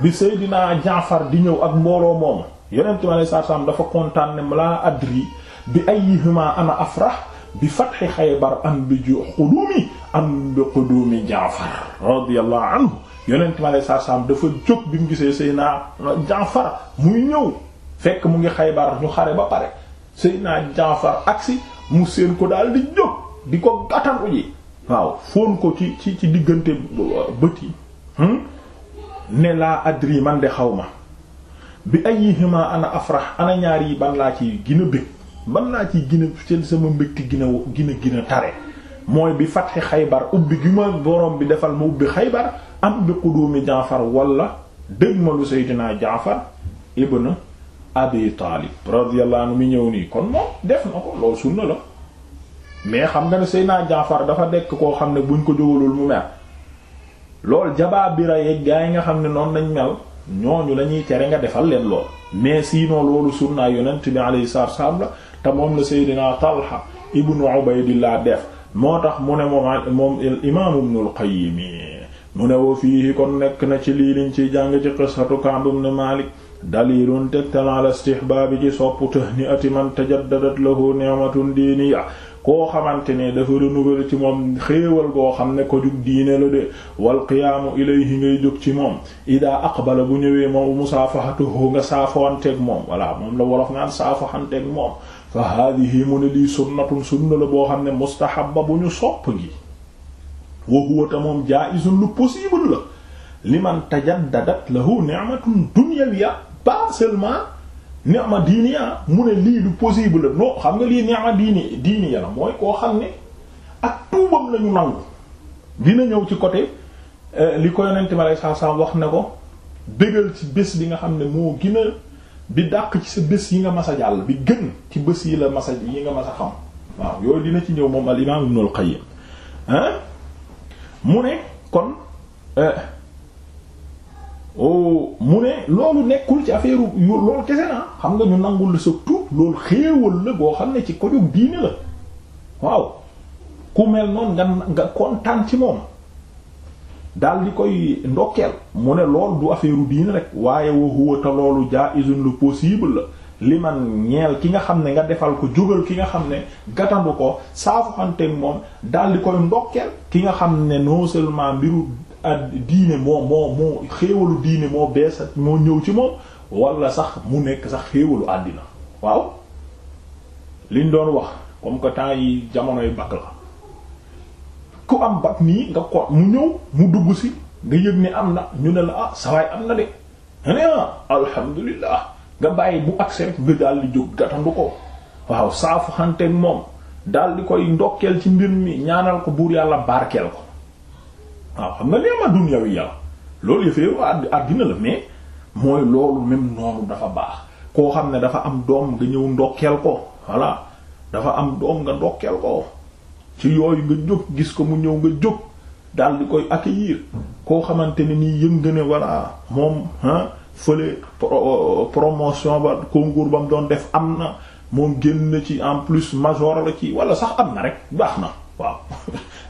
bi Seydina Jaafar di ñëw ak mbooloo moom yonent ma saa dafa kontaan ne laa adri bi ayyihima ana afrah bi fathi xaybar am bi ju xulumi am bi qudumi Jaafar radiyallahu anhu yonent mi alayhi salaam dafa jóg bi mu gisee naa Jaafar muy ñëw fekk mu ngi Xaybar ñu xare ba pare naa Jaafar agsi mu seen ko daal di jóg di ko gàttan uji waaw foon ko ci ci ci diggante bët yi hmm? ne laa adri man de xaw ma bi ayyihima ana afrah ana ñaar yi ban laa ci gën a bëgg ban laa ci gën a sama mbégte gën a gën tare mooy bi fatxi xaybar ubbi gi ma borom bi defal ma ubbi xaybar am bi quduumi jaafar wala dëgg ma lu seydinaa jaafar ibn abi taalib radiyallahu anhu mi ñëw nii kon moom def na ko loolu sunna la mais xam nga ne seydinaa jaafar dafa dekk koo xam ne buñ ko jógalul mu mer lool jabaabira yeeg gaa yi nga xam ne noonu lañ mel ñooñu lañuy tere nga defal leen lool mais sinon loolu sunnaa yonent bi alayhi salaatu wa salaam la te moom la seydinaa talha ibn ubaydillah def moo tax mu ne moom moom imaamu Ibnul Qayyim mu ne wa fiihi kon nekk na ci lii liñ ciy jàng ci qissatu Ka'b ibn Maalik dalilun tegtal ala istihbaabi ci soppu ati man tajaddadat lahu ni'matun diiniya koo xamante ne dafa renouveler ci moom xéewal goo xam ne ko jug diine la de wal qiyaamu ilayhi ngay jóg ci moom ida aqbala bu ñëwee moom musaafahatuhu nga saafoanteeg moom walla moom la wolof naan saafoanteeg moom fa haadihi mu ne lii sunnatun sunna la boo xam ne mustahabba bu ñu sopp gi wa huwa ta moom jaa'izun lu possible la liman tajaddadat lahu ni'matun dunyawiyya pas seulement ni'ma diiniya mu ne lii lu possible la xam nga lii ni'ma diini diiniya la mooy koo xam ne ak tuubam lañu nangu dina ñëw ci côté euh, li ko yonente ma lay saa saa wax ne ko bégal ci bés bi nga xam ne moo gën bi dàq ci sa bés yi nga mas a jàll bi gën ci bés yi la mas a yi nga mas a xam waaw yooyu dina ci ñëw moom al imaam Ibnul Qayyim hein mu ne kon euh, oh, mu ne loolu nekkul ci affaire loolu kese na xam nga ñu nangul la sa tuub loolu xéewal la boo xam ne ci ko jóg diine la waaw ku mel noonu nga nga kontaan ci moom daal di koy ndokkeel mu ne lool du affaire diine rek waaye wa huwa te loolu jaa'izun lu possible la liman man ñeel ki nga xam ne nga defal ko jógal ki nga xam ne gatandu ko saafuxanteeg moom daal di koy ndokkeel ki nga xam ne non seulement mbiru diine moo moo moo xéewalu diine moo bees moo ñëw ci moom wala sax mu nekk sax xéewalu àddina waaw liñ doon wax comme que temps yi jamonoy bakk la ku am bag nii nga ko mu ñëw mu dugg si nga yëg ni am na ñu ne la ah sawaay am na de nga ne ah alhamdulilah nga bàyyi bu agsi rek nga daal di jóg gatandu ko waaw saafu xanteeg moom daal di koy ndokkeel ci mbir mi ñaanal ko buur yàlla barkeel ko waaw xam nga li ma dun yow yàlla loolu yëfee àddina la mais mooy loolu même noonu dafa baax koo xam ne dafa am doom nga ñëw ndokkeel ko voilà dafa am doom nga ndokkeel ko ci yooyu nga jóg gis ko mu ñëw nga jóg daal di koy accueillir koo xamante ne nii yëngu ne voilà moom ah fële euh, promotion ba concours ba mu doon def am na moom génn na ci en plus major la ci wala sax am na rek baax na waaw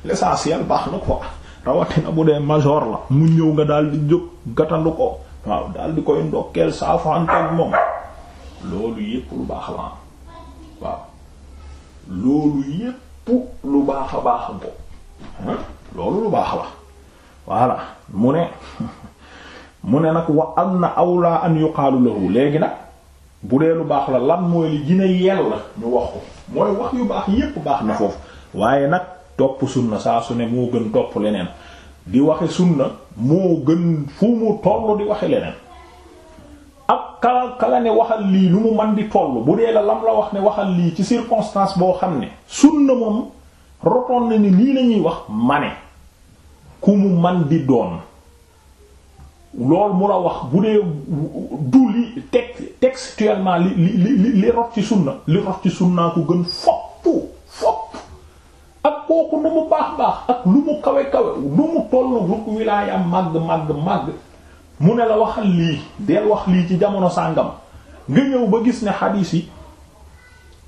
*laughs* l'essentiel baax na quoi rawatina bu dee major la mu ñëw nga daal di jóg gàttandu ko waaw daal di koy ndokkeel saafaanteeg moom loolu yépp lu baax la waaw loolu yépp. lu baax a baax a ko loolu lu baax la voilà mu ne *laughs* mu ne nag wa am na awlaa an yuqaalu lahu léegi nag bu dee lu baax la lan mooy li gën a la ñu wax ko mooy wax yu baax yépp baax na foofu waaye nag topp sunna saa su ne moo gën topp leneen di waxe sunna moo gën fu mu tollu di waxe leneen kala kala ne waxal lii lu mu man di toll bu dee la lam la wax ne waxal lii ci circonstance boo xam ne na moom rotoon na ni lii lañuy wax mane ku mu man di doon loolu mu la wax bu dee du li teg textuellement li li li li rot ci sunna li rot ci sunnaa ko gën fopp fopp ak kooku nu mu baax baax ak lu mu kawe kawe lu mu tollu rukk wilaayam màgg màgg màgg mu ne la waxal lii deel wax lii ci jamono sàngam nga ñëw ba gis ne xadiis yi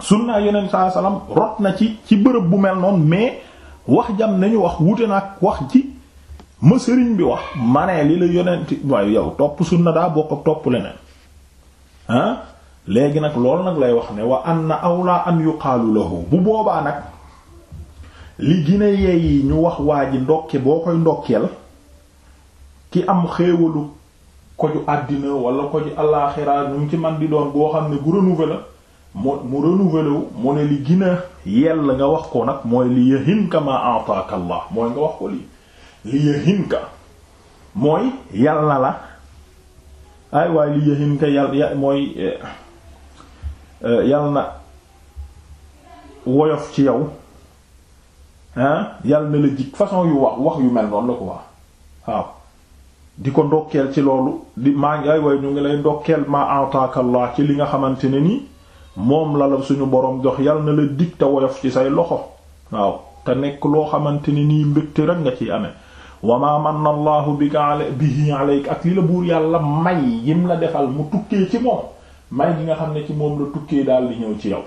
sunna yeneen saa salaam rot na ci ci bërëb bu mel noonu mais wax jam nañu wax wute na wax ji ma sëriñ bi wax ma ne li waaye yow topp sunna daa bokk ak topp leneen ah léegi nag loolu nag lay wax ne wa anna awla an yuqaalu lahu bu boobaa nag li gina yeey yi ñu wax waa ji ndokke boo koy ndokkeel ki am xéewalu koju àddina wala koju alaaxira ñu ci man di doon boo xam ne bu renouvelé mu mu renouvelé mu ne li gën a nga wax ko nag mooy li yahinka ma ataaka mooy nga wax ko lii li yahinka mooy yàlla la ay waaye li yahinka yàlla mooy eh, eh, na woyof ci yow ah, yàlla na la jig façon yu wax wax yu mel noonu la ko wax waaw di ko ndokkeel ci loolu di maa ngi ay way ñu ngi lay ndokkeel ma ataakallah ci li nga xamante ne nii moom la suñu boroom jox yal na la dig te woyof ci say loxo waaw te nekk loo xamante ne nii mbégte rek nga ciy amee wama manna allahu bika bihi ak li la yàlla may yim la defal mu tukkee ci moom may nga xam ne ci moom la tukkee daal di ñëw ci yow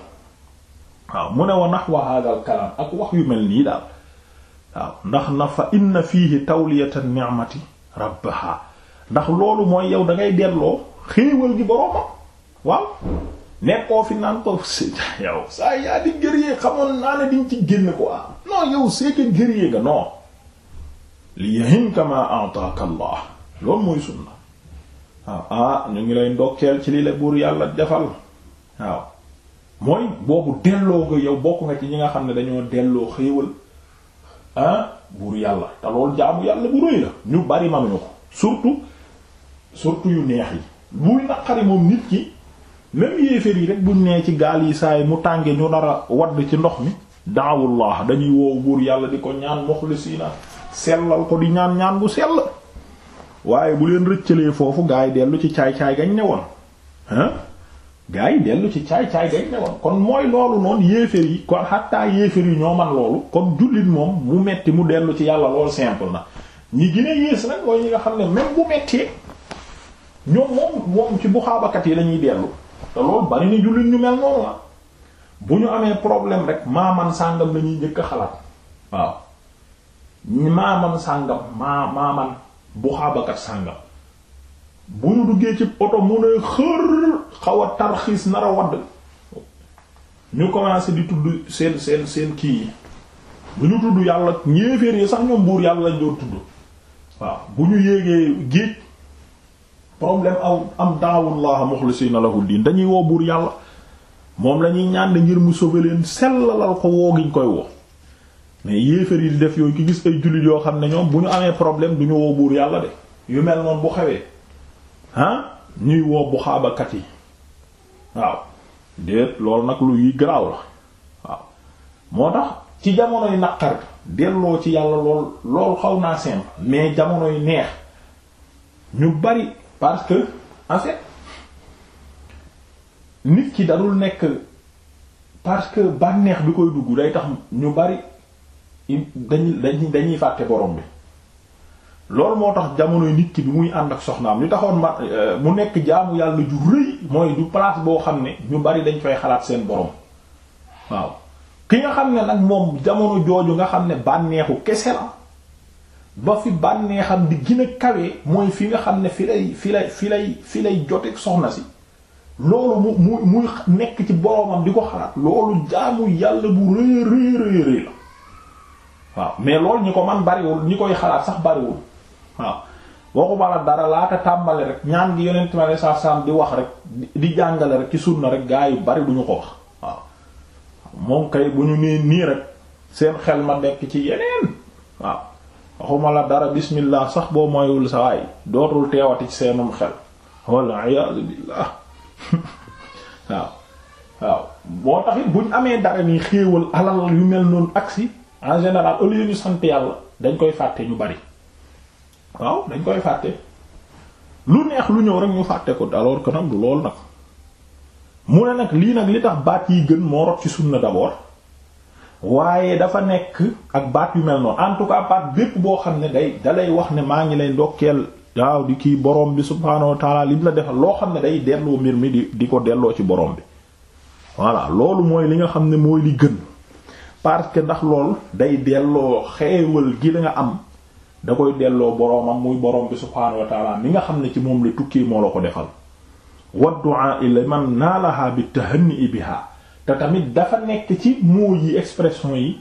waaw mu ne wa nahwa hadha al kalam ak wax yu mel nii daal waaw ndax na fa inna fiihi tawliyatan ni'mati rabbaha ndax loolu mooy yow dangay ngay delloo xéewal gi boroomam waaw nekkoo fi naan ko *laughs* yow saa yaa di guerrier xamoon naa ne diñ ci génn quoi ah. non yow c'est que guerrier nga non li yahinka ma ataaka loolu mooy sunna waaw ah ñu ngi lay ndokkeel ci li la buur yàlla defal waaw mooy boobu delloo nga yow bokk nga ci ñi nga xam ne dañoo delloo xéewal ah, buur yàlla te loolu jaamu yàlla bu rëy la ñu bari manuñu ko surtout surtout yu neex yi buy naqari moom nit ki même yi rek buñ nee ci gaal yi saay mu tànge ñu dara a wadd ci ndox mi daawullah dañuy woow buur yàlla di ko ñaan muxlisiina sellal ko di ñaan ñaan bu sell waaye bu leen rëccalee foofu gaa yi dellu ci caay-caay gañ ne woon hein gars yi dellu ci caay-caay gañ ne kon mooy loolu noonu yéefér yi kon xattaa yéefér yi ñoo man loolu kon jullit moom mu metti mu dellu ci yàlla loolu simple na ñi gën yées nag mooy ñi nga xam ne même bu mettee ñoom moom moom ci bu xaabakat yi lañuy dellu te loolu bari na jullit ñu mel noonu la bu ñu amee problème rek maaman sàngam lañuy ñuy njëkk a xalaat waaw maaman sàngam maa maaman bu xaabakat sàngam bu ñu duggee ci oto mu ne xër xaw a tarxiis nar a wadd ñu commencé di tudd seen seen seen kii yi bu ñu tudd yàlla ñéeféer yi sax ñoom buur yàlla lañ doon tudd waaw bu ñu yéegee géej problème aw am daawullaha muxlisiina lahu diin dañuy woo buur yàlla moom lañuy ñaan ngir mu sauver leen sellalal ko woo giñ koy woo mais yéeféer yi di def yooyu ki gis ay jullit yoo xam ne ñoom bu ñu amee problème du ñu woo buur yàlla de yu mel noonu bu xawee ah ñuy woo bu xaabakat yi waaw déet loolu nag lu yi garaaw la waaw moo tax ci jamonoy naqar delloo ci yàlla lool lool xaw naa simple mais jamonoy neex ñu bari parce que en nit ki darul nekk parce que bànneex bi koy dugg day tax ñu bari dañuy dañuy fàtte borom bi loolu moo tax jamonoy nit ki bi muy ànd ak soxnaam li taxoon ma euh, mu nekk jaamu yàlla ju rëy mooy du place boo xam ne ñu bari dañ fay xalaat seen borom waaw ki nga xam ne nag moom jamono jooju nga xam ne bànneexu kese la ba fi bànneexam di gën a kawe mooy fi nga xam ne fi lay fi lay fi lay fi lay joteeg soxna si loolu mu mu muy nekk ci boromam di ko xalaat loolu jaamu yàlla bu rëy rëy rëy la waaw mais loolu ñi ko man bariwul ñi koy xalaat sax bariwul. waaw waxumala dara laata tàmbali rek ñaan gi yonent ma ne saam di wax rek di jàngale rek ci sunna rek gaa yu bari duñu ko wax waaw moom kay bu ñu nee nii rek seen xel ma nekk ci yeneen waaw waxumala sax boo moywul dootul teewati ci seenum *laughs* waaw waaw taxit buñ amee dara ni xéewal alal yu mel noonu agsi en général au lieu ñu sant yàlla dañ koy fàtte ñu bari waaw dañ koy fàtte lu neex lu ñëw rek ñu fàtte ko alors que nag lool loolu nag mu ne nag lii nag li tax baat yi gën moo rot ci sunna d'abord waaye dafa nekk ak baat yu mel noonu en tout baat bépp boo xam ne day dalay wax ne maa ngi lay ndokkeel waaw di kii borom bi subhaanahu wa taala li mu la defal loo xam ne day delloo mbir mi di di ko delloo ci boroom bi voilà loolu mooy li nga xam ne mooy li gën parce que ndax lool day delloo xeewal gi la am da koy delloo boroomam muy boroom bi subhaanahu wa nga xam ne ci moom la tukkee moo la ko defal wa du'a ila bi tahanni te tamit dafa nekk ci moo yi expression yi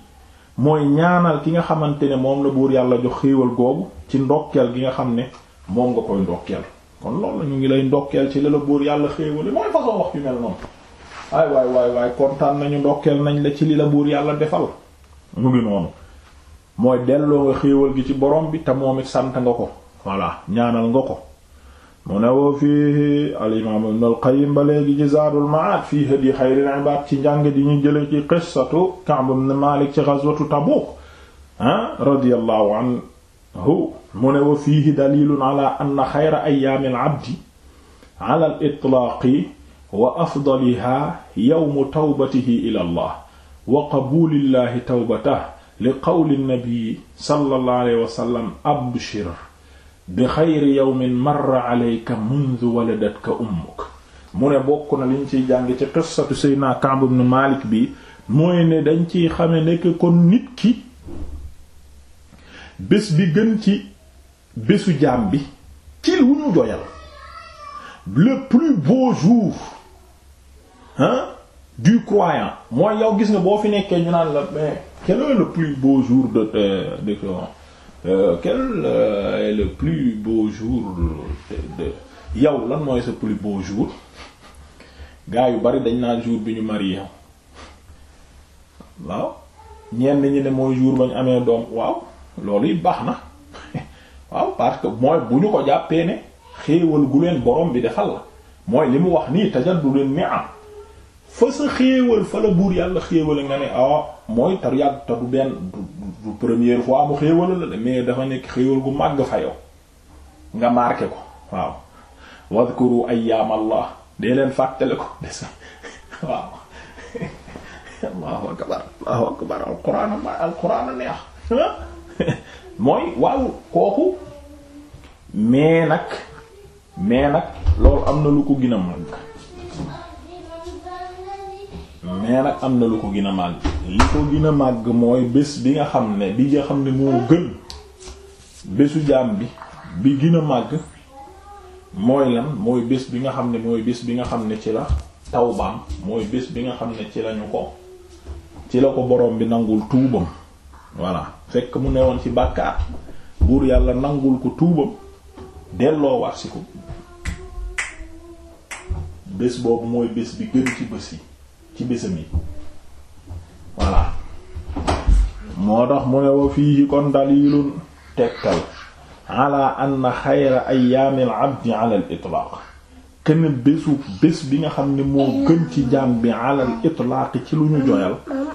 mooy ñaanal ki nga xamante ne moom la buur yàlla jox xéewal googu ci ndokkeel gi nga xam ne moom nga koy ndokkeel kon loolu ñu ngi lay ndokkeel ci la buur yàlla xéewale mooy kontaan nañu ndokkeel nañ la ci li la buur yàlla defal mu ngi noonu mooy delloo nga xéewal gi ci borom bi te moom it sant nga ko voilà ñaanal nga ko mu ne woo fii alimaam ibn al-Qayyim ba léegi ci Zaadul Ma'aad fii hadyi di ñu jële ci qissatu Ka'b ibn Maalik ci ghazwatu Tabuuk ah radiyallahu anhu mu ne wa fiihi daliilun ala anna xayra ayyaamil abdi ala al-itlaaqi wa afdalihaa yawmu tawbatihi ila Allah wa qabuulillaahi tawbatahu li qawli nabi sallallahu alayhi wa abshir bi xayri yawmin marra alayka mundu waladatka ummuk mu ne bokk na liñ ciy jàng ci qissatu Seydina Ka'b ibn Malik bi mooy ne dañ ci xame nekk kon nit ki bés bi gën ci bésu jaam bi ci lu ñu doyal le plus beau jour hein du croyant mooy yow gis nga boo fi nekkee ñu naan la mais quel est le plus beau jour de de, de euh, quel euh, est plus beau jour yow lan mooy sa plus beau jour gaa yu bari dañ naa jour bi ñu marié waaw ñeen ñi ne mooy jour ba ñu amee doom waaw loolu it baax na *laughs* waaw parce que mooy bu ñu ko jàppee ne xéewal gu leen borom bi defal la mooy li mu wax nii tajaddu leen ni am fa sa xéewal fa la buur yàlla xéewal nga ne ah mooy tar yàgg te du du première fois mu xéewal la de mais dafa nekk xéewal gu màgg fa nga marqué ko waaw wadhkuru ayyaam allah dee leen fàttale waaw kooku mais nag mais nag loolu am na lu ko gën a mais nag am na lu ko gina a màgg li ko gën màgg mooy bés bi nga xam ne bi nga xam ne moo gën bésu jaam bi bi gën màgg mooy lan mooy bés bi nga xam ne mooy bés bi nga xam ne ci la tawbaam mooy bés bi nga xam ne ci lañu ko ci la ko boroom bi nangul tuubam voilà fekk mu ne woon ci bàkkaar buur yàlla nangul ko tuubam delloo war ko bés boobu mooy bés bi gën ci bés yi ci bésam yi voilà moo tax mu ne wa fiihi kon dalilun tegtal ala anna xayra ayaamil abdi ala itlaaq kenn bésu bés bi nga xam ne moo gën ci jaam bi ala al ci lu ñu joyal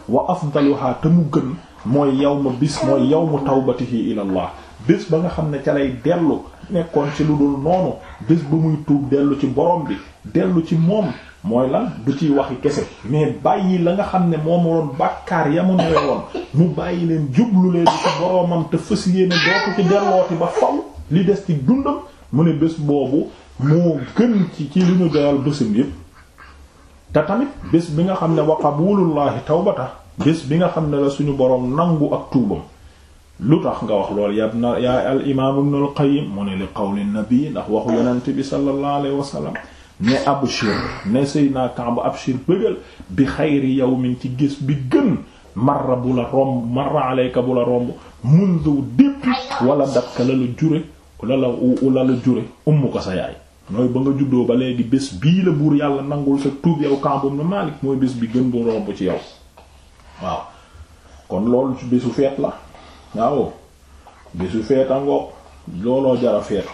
wa afdaluha te mu gën mooy yawma bis mooy yawmu tawbatihi ila bés ba nga xam ne ca lay dellu nekkoon ci lu dul noonu bés ba muy tuub dellu ci borom bi dellu ci moom mooy la du ci waxi kese mais bàyyi la nga xam ne moom woon bàkkaar ya mu newee woon mu bàyyi leen jublu leen ci boroomam te fës yéene dootu ci dellooti ba faw li des ci dundam mu ne bés boobu moo gën ci ci li ñu doyal bésam yépp te tamit bés bi nga xam ne wa qabulullahi tawbata bés bi nga xam ne la suñu boroom nangu ak tuubam lu tax nga wax lool yab na yaa al imaam ibn al mu ne li qawli nabi ndax waxu yonent bi sallallahu alayhi wa ne abshir ne Seydina ab abshir bëggal bi xayri yawmin ci gis bi gën marra bu la romb marra alayka bu la romb mundu depuis wala datka la la jure la la la jure ummu ko sa yaay mooy ba nga juddoo ba léegi bés bii la buur yàlla nangul sa tuub yow Kaab na Maalik mooy bés bi gën bu romb ci yow waaw kon loolu bésu feet la waaw bésu feeta ngoog looloo jara feet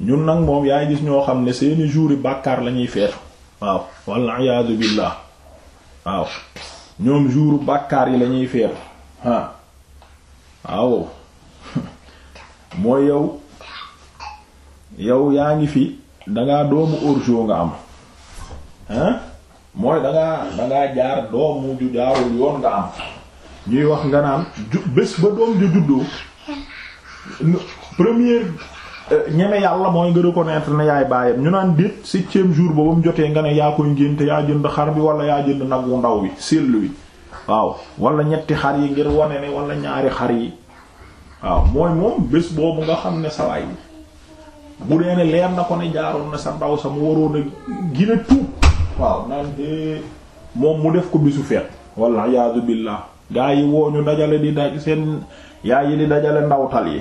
ñun nag moom yaay gis ñoo xam ne seeni jouri bàkkaar la ñuy feetu waaw walla iyaadu billaah waaw ñoom jouru bàkkaar yi lañuy ñuy feetu ah waaw *laughs* mooy yow yow yaa ngi fi dangaa doomu orjo nga am hein mooy dangaa dangaa jaar doomu ju jaarul yoon nga am ñuy wax nga naan bés ba doom ju juddoo première ñeme yàlla mooy nga reconnaître ne yaay baayam ñu naan déet septième jour boobu mu jotee nga ne yaa koy ngénte yaa jënd xar bi wala yaa jënd nag wu ndaw bi seetlu wi waaw wala ñetti xar yi ngir wane ne wala ñaari xar yi waaw mooy moom bés boobu nga xam ne sawaay bi bu dee ne leer na ko ne jaaroon na sa ndaw sa mu waroon a gina tuub waaw naan moom mu def ko bisu feet wala iyaadu billah gaa yi woo ñu dajale di daj seen yaa yi di dajale ndawtal yi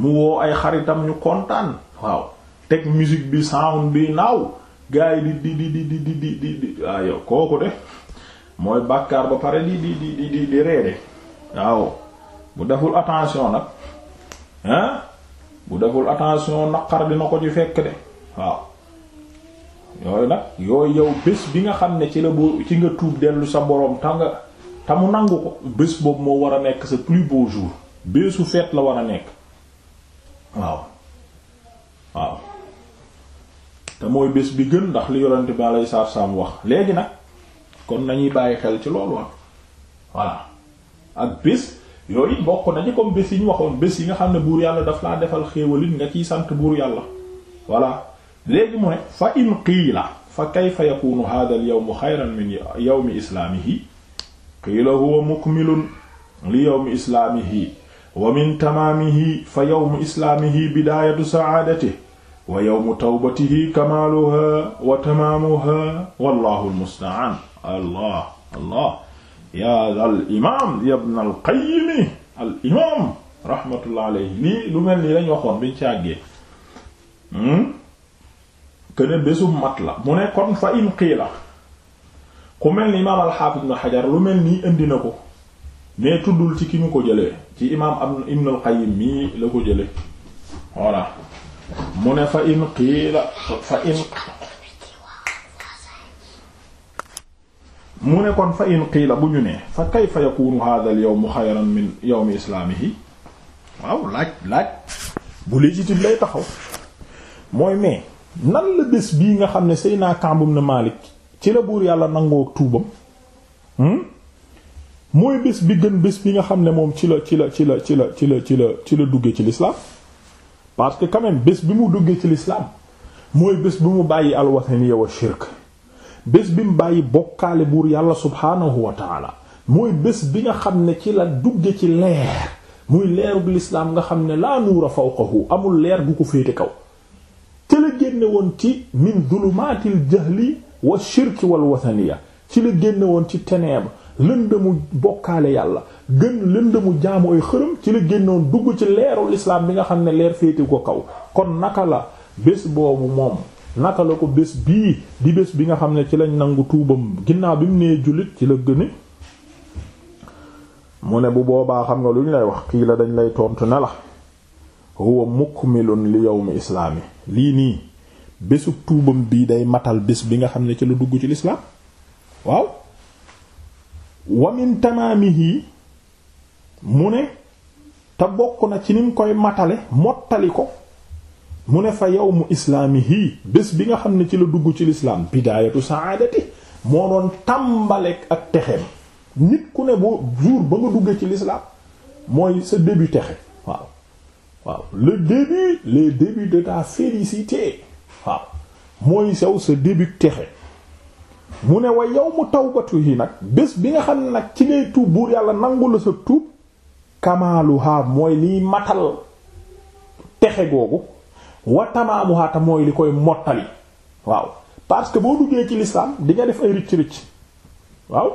mu woo ay xaritam ñu kontaan waaw teg musique bi sound bi naaw gars yi di di di di di di di di waaw yow kooku de mooy bàkkaar ba pare di di di di di reede waaw bu deful attention nag hein bu deful attention nag naqar dina ko ci fekk de waaw yooyu nag yooyu yow bés bi nga xam ne ci la bu ci nga tuub dellu sa boroom ta nga ta nangu ko bés boobu moo war a nekk sa plus beau jour bésu fête la war a nekk waaw waaw te mooy bés bi gën ndax li yorante bi alay saar saam wax léegi nag kon nañuy bàyyi xel ci loolu wax ah. voilà ak bés yooyu bokk nañu comme bés yi ñu waxoon bés yi nga xam ne buur yàlla daf laa defal xéewalit nga ciy sant buur yàlla voilà léegi mu ne fa in qiila fa kayfa yakunu hadha al yawm xayran min yawmi islaamihi qiila huwa mukmilun li yawmi islaamihi wa min tamaamihi fa yawmu islaamihi bidaayatu sacaadatihi wa yawmu tawbatihi kamaaluha wa tamaamuha wallaahu almustacaan allah allah yaa dal imaam ya ibn alqayyim al imaam rahmatullah alayhi lii lu mel nii lañ waxoon biñ ci àggee kene hmm? bésu mat la mu ne kon fa in qiila ku mel ni imaam alxaafis ibn xajar lu mel nii indi na ko mais tuddul ci ki mu ko jëlee ci imaam am ibn al mii la ko jële voilà mu ne fa in qiila fa in mu ne kon fa in qiila bu ñu ne fa kayfa yakunu hadha al-yawm khayran min yawmi islaamihi waaw laaj laaj bu légitime lay taxaw mooy mais nan la bés bii nga xam ne Seydina Ka'b ibn Malik ci la buur yàlla nangoo tuubam hmm? mooy bés bi gën bés bi nga xam ne moom ci la ci la ci la ci la ci la ci la ci la duggee ci l'islam parce que quand même bés bi mu duggee ci l'islam mooy bés bi mu bàyyi alwataniya wa shirk bés bi mu bàyyi bokkaale buur yàlla subhaanahu wa taala mooy bés bi nga xam ne ci la dugge ci leer muy leerug lislaam nga xam ne laa nuura fawqahu amul leer gu ko féete kaw te la génne woon ci min zulumaatil jahli wa shirki wal wathaniya ci la génne woon ci ténèbres mu bokkaale yàlla gën lëndëmu jaamu ay xërëm ci la génnoon dugg ci leerul islaam bi nga xam ne leer féeti ko kaw kon naka la bés boobu moom naka la ko bés bii di bés bi nga xam ne ci lañ nangu tuubam ginnaaw bi mu nee jullit ci la gëne mu ne bu boobaa xam nga lu ñu lay wax kii la dañ lay tontu ne la huwa mukmilun li yawmi islaami lii nii bésu tuubam bii day matal bés bi nga xam ne ci la dugg ci lislaam waaw wa min tamaamihi mu ne te bokk na ci nim koy matale mottali ko mu ne fa yow mu yawmu islaamihi bés bi nga xam ne ci la dugg ci lislaam bidaayatu saadati moo doon tàmbaleek ak texeem nit ku ne boo jour ba nga duggee ci lislaam mooy sa début texe waaw waaw le début les débuts de ta waaw mooy saw sa début texe mu ne wa yawmu tawbatihi nag bés bi nga xam ne nag ci ngay tuub buur yàlla nangu la sa tuub kamaaluha mooy liy matal texe googu wa tamaamuha ta mooy li koy mottali waaw parce que boo duggee ci lislaam di nga def ay ricc ricc waaw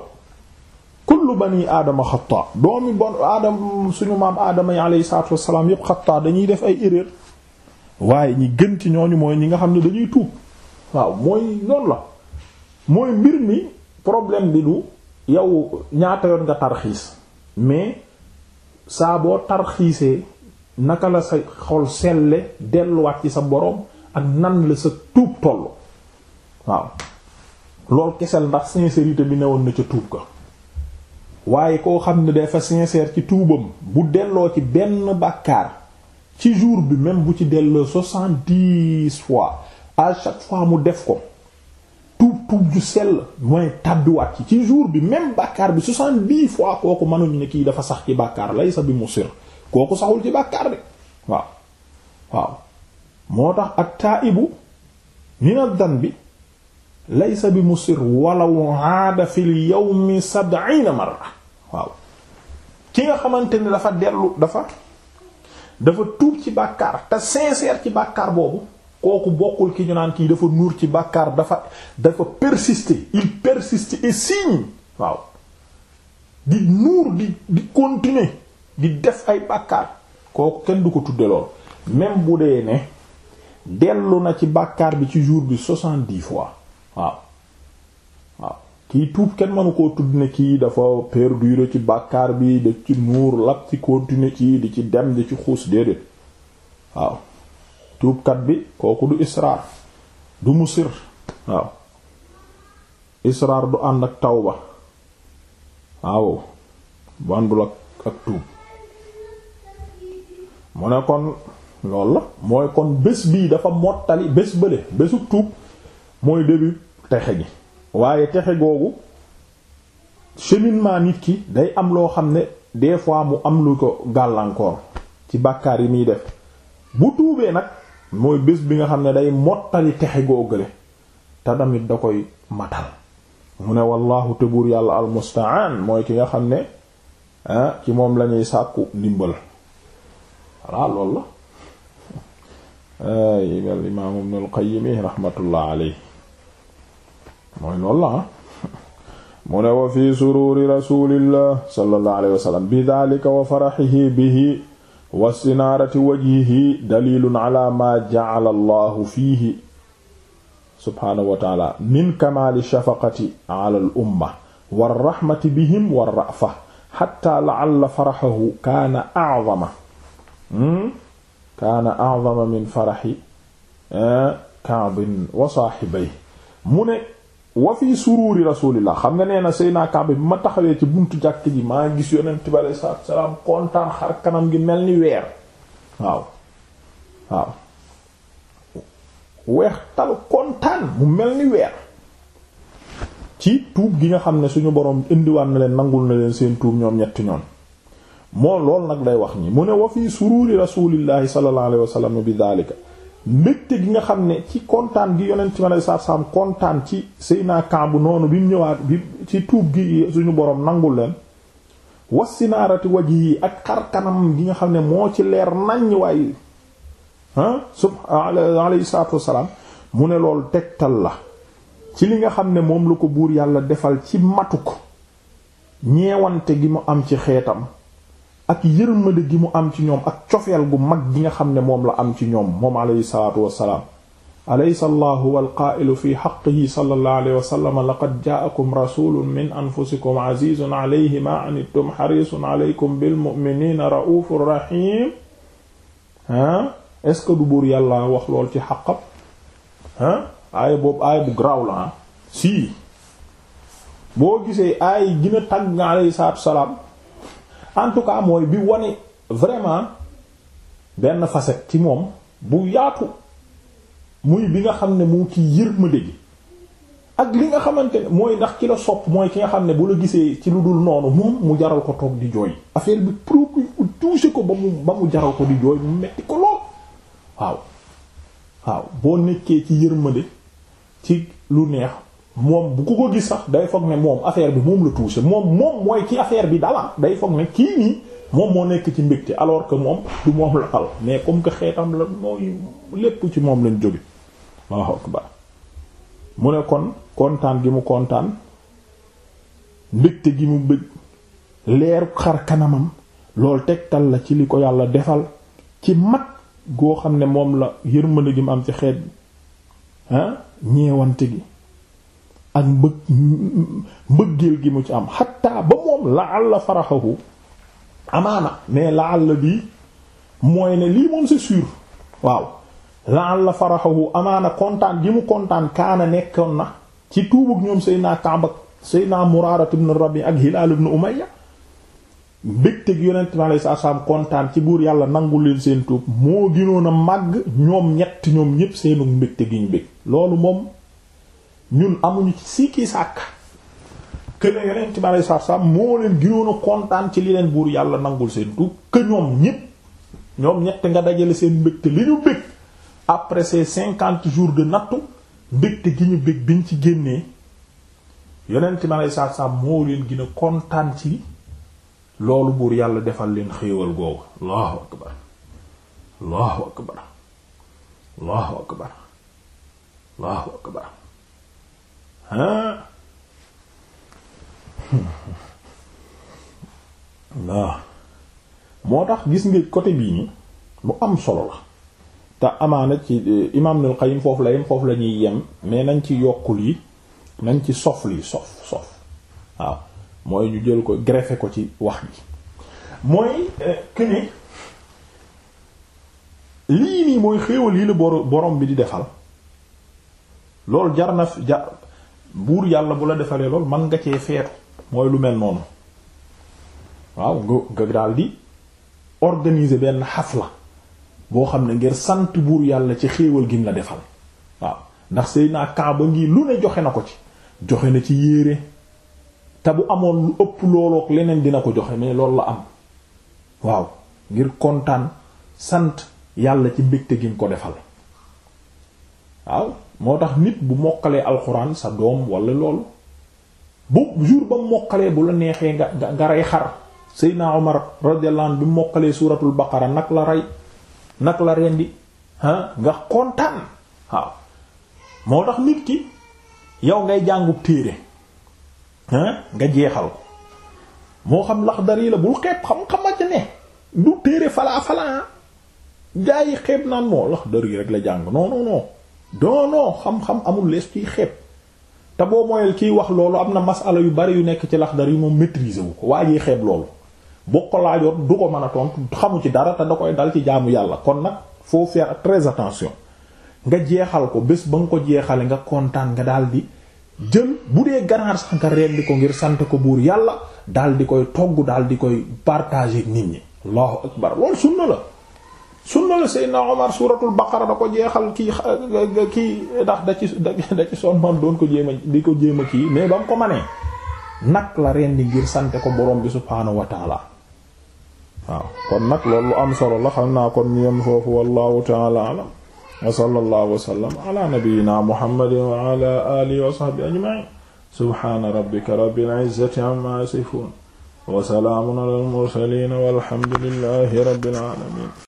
kullu bani aadama xataa doomi bon aadam suñu maam aadama yi alayhi salaatu wassalaam yépp xataa dañuy def ay erreur waaye ñi gën ci ñooñu mooy ñi nga xam ne dañuy tuub waaw mooy noonu la mooy mbir mi problème bi du yow ñaata yoon nga tarxiis mais saaboo boo tarxiisee naka la sa xol selle delluwaat ci sa boroom ak nan la sa tuub toll waaw loolu kesel ndax sincérité bi newoon na ca tuub ka waaye koo xam ne dafa sincère ci tuubam bu delloo ci benn bàkkaar ci jour bi même bu ci dell soixante-dix fois à chaque fois mu def ko tuub ju sell mooy tàbbiwaat ci ci jour bi même bàkkaar bi soixante-dix fois kooku mënuñu ne kii dafa sax ci bàkkaar lay sa bi musir kooku saxul ci bàkkaar bi waaw waaw moo tax ak taibu min ad-danbi laysa bi musir walaw aada fil yawmi sab'ina marra waaw ki nga xamante ni dafa dellu dafa dafa tuub ci bàkkaar te sincère ci bàkkaar boobu kooku bokkul ki ñu naan kii dafa nuur ci bàkkaar dafa dafa persister il persiste et signe waaw di nuur di di continuer di def ay bàkkaar kooku kenn du ko tudde lool bu dee ne dellu na ci bàkkaar bi ci jour bi soixante-dix fois waaw waaw kii tuub kenn mënu koo tudd ne kii dafa perdurer ci bàkkaar bi da ci nuur lap ci continuer di ci dem di ci xuus déedéet waaw tuubkat bi kooku du israar du musir waaw israar du ànd ak tawba waaw bu àndul ak ak tuub mu ne kon loolu la mooy kon bés bii dafa mottali bés bële bésu tuub mooy début texe gi waaye texe googu cheminement nit ki day am loo xam ne des fois mu am lu ko gàllankoor ci bàkkaar yi muy def bu tuubee nag mooy bis bi nga xam ne day mottali texe googale te tamit da koy matal mu ne wallaahu te yàlla almustaan mooy ki nga xam ne ah ci moom lañuy ñuy sàkku ndimbal voilà loolu la al imaam ibn al qayyim rahmatullah mooy loolu la mu ne wa fi sururi rasulillah sallallahu wa sallam bi dhalika wa farahihi bihi wa istinaarati wajhihi dalilun ala ma ja'ala allahu fiihi subhaanahu wa taala min kamaali shafaqati ala al umma wa rahmati bihim wa rafa xatta la'alla faraxahu kaana a'zama hmm? kaana a'zama min faraxi eh, Ka'b wa saaxibayhi mu ne wa fi sururi rasulillah xam nga nee na naa Kaab bi ma taxawee ci buntu jàkk ji maa gis yonent bi alayhi sa wa salaam kontaan xar kanam gi mel ni weer waaw waaw weex tal kontaan mu mel ni weer ci tuub gi nga xam ne suñu borom indiwaan na leen nangul na leen seen tuub ñoom ñetti ñoon moo lool nag lay wax ni mu ne wa fi sururi rasulillahi sallallahu alayhi wa sallam bi daalika mbégte gi nga xam ne ci kontaan gi yonent mi alei satu salaam kontaan ci Seydina bu noonu bi ñëwaat bi ci tuub gi suñu borom nangul leen wasinaarati waj yi ak kar kanam gi nga xam ne moo ci leer naññ waaye ah sub alayhi salaatu wassalaam mu ne loolu tegtal la ci li nga xam ne moom la ko buur yàlla defal ci matu ko ñeewante gi mu am ci xeetam ak yërmande gi mu am ci ñoom ak cofeel gu mag gi nga xam ne moom la am ci ñoom moom alayhi salaatu wassalaam alaysa allahu wal qaa'ilu fi haqqihi sallallahu alayhi wa sallam min anfusikum azizun alayhi ma anittum harisun alaykum bil mu'minina ra'ufur rahim ah est-ce du buur yàlla wax lool ci xaqam ah aaya boobu aaya bu garaaw ah si boo gisee aay gina tàgg alayhi salaatu en tout cas mooy bi wane vraiment benn facette ci moom bu yaatu muy bi nga xam ne mu ki yërmande gi ak li nga xamante ne mooy ndax ki la sopp mooy ki nga xam ne bu la gisee ci lu dul noonu moom mu jaral ko toog di jooy affaire bi procure touché ko ba mu ba mu jaral ko di jooy mu metti ko lool waaw waaw boo nekkee ci yërmande ci lu neex moom bu ku ko gis sax day foog ne moom affaire bi moom la touché moom moom mooy ci affaire bi dala day foog ne kii nii moom moo nekk ci mbégte alors que moom du moom la xal mais comme que xeetam la mooy lépp ci moom lañ jóge kontaan gi mu kontaan mbégte gi mu bég leeru xar kanamam loolu tegtal la ci li ko yàlla defal ci mag goo xam ne moom la yërmande gi mu am ci xeet ah ñeewante gi ak mbëg mbëggeel gi mu ci am xatta ba moom laalla faraxahu amaana mais laalla bi mooy ne lii moom c'est sûr waaw laalla faraxahu amaana kontaan gi mu kontaan kaana nekkoon na ci tuubug ñoom Seydina Kaab ak Seydina Muraara ibn yi ak Hilaal ibn Umayya mbégteg yonent mi alayhi salaam kontaan ci buur yàlla nangu leen seen tuub moo gënoon a màgg ñoom ñett ñoom ñépp seenu mbégte gi ñu bég loolu moom ñun amuñu ci sikki sàkk kën a yonent bi alei satu salaam moo leen ginoon kontaan ci li leen buur yàlla nangul seen tuub que ñoom ñépp ñoom ñett nga dajale seen mbégte li ñu bég après ces cinquante jours de nattu mbégte gi ñu bég biñ ci génnee yonent bi alei satu salaam moo leen gën kontaan ci loolu buur yàlla defal leen xéewal googu allahu akbar allahu akbar allahu akbar allahu waaw moo tax gis nga côté bii nii mu am solo la te amaana ci eh, imaam Ibnul Qayyim foofu la foofu lañuy ñuy yem mais nañ ci yokkul yi nañ ci sof lii sof sof waaw mooy ñu jël ko greffer ko ci wax bi mooy këne eh, lii nii mooy xéewal yi la borom bi di defal loolu jar na jar buur yàlla bu la defalee loolu man nga cee feetu mooy lu mel noonu waaw nga nga daal di organiser benn la boo xam ne ngir sant buur yàlla ci xéewal gi nga defal waaw ndax Seydina Kaab ba ngi lu ne joxe na ko ci joxe na ci yére te bu amoon lu ëpp loolook leneen dina ko joxe mais loolu la am waaw ngir kontaan sant yàlla ci mbégte gi mu ko defal waaw moo tax nit bu mokkalee alxuraan sa doom walla loolu bu jour ba mokkalee bu la neexee nga nga rey xar Seydina Omar radiyallahu bi mokkalee suuratul baqara nag la rey nag la rendi ah nga kontaan waaw moo tax nit ki yow ngay jàngu téere ah nga jeexal ko moo xam laxdar yi la bul xeeb xam-xama ca ne du téere falaa falaa gaa yi xeeb naan moo laxdar yi rek la jàng non non non non xam-xam amul lees kiy xeeb te boo mooyel kiy wax loolu am na masala yu bari yu nekk ci lax laxdar yu moom maîtriser wu ko waa jiy xeeb loolu boo ko laajoon du ko mën a tontu xamu ci dara te da koy dal ci jaamu yàlla kon nag faut faire très attention nga jeexal ko bés ba nga ko jeexale nga kontaan nga daal di jën bu dee ganaar sax nga rendi ko ngir sant ko buur yàlla dal di koy togg daal di koy partager nit ñi allahu akbar loolu sunna la sunna la Seydina Omar suuratul baqara da ko jeexal kii kii ndax da ci da *laughs* ci sonnoon doon ko jéem di ko jéem a kii mais ba mu ko manee nag la rendi ngir sante ko borom bi subhaanahu wa waaw kon nag lool lu am solo la xam naa kon ñu yem foofu wallahu taala alam wa sallallahu wa sallam ala nabiyyina muhammadin walhamdulillahi rabbil alamin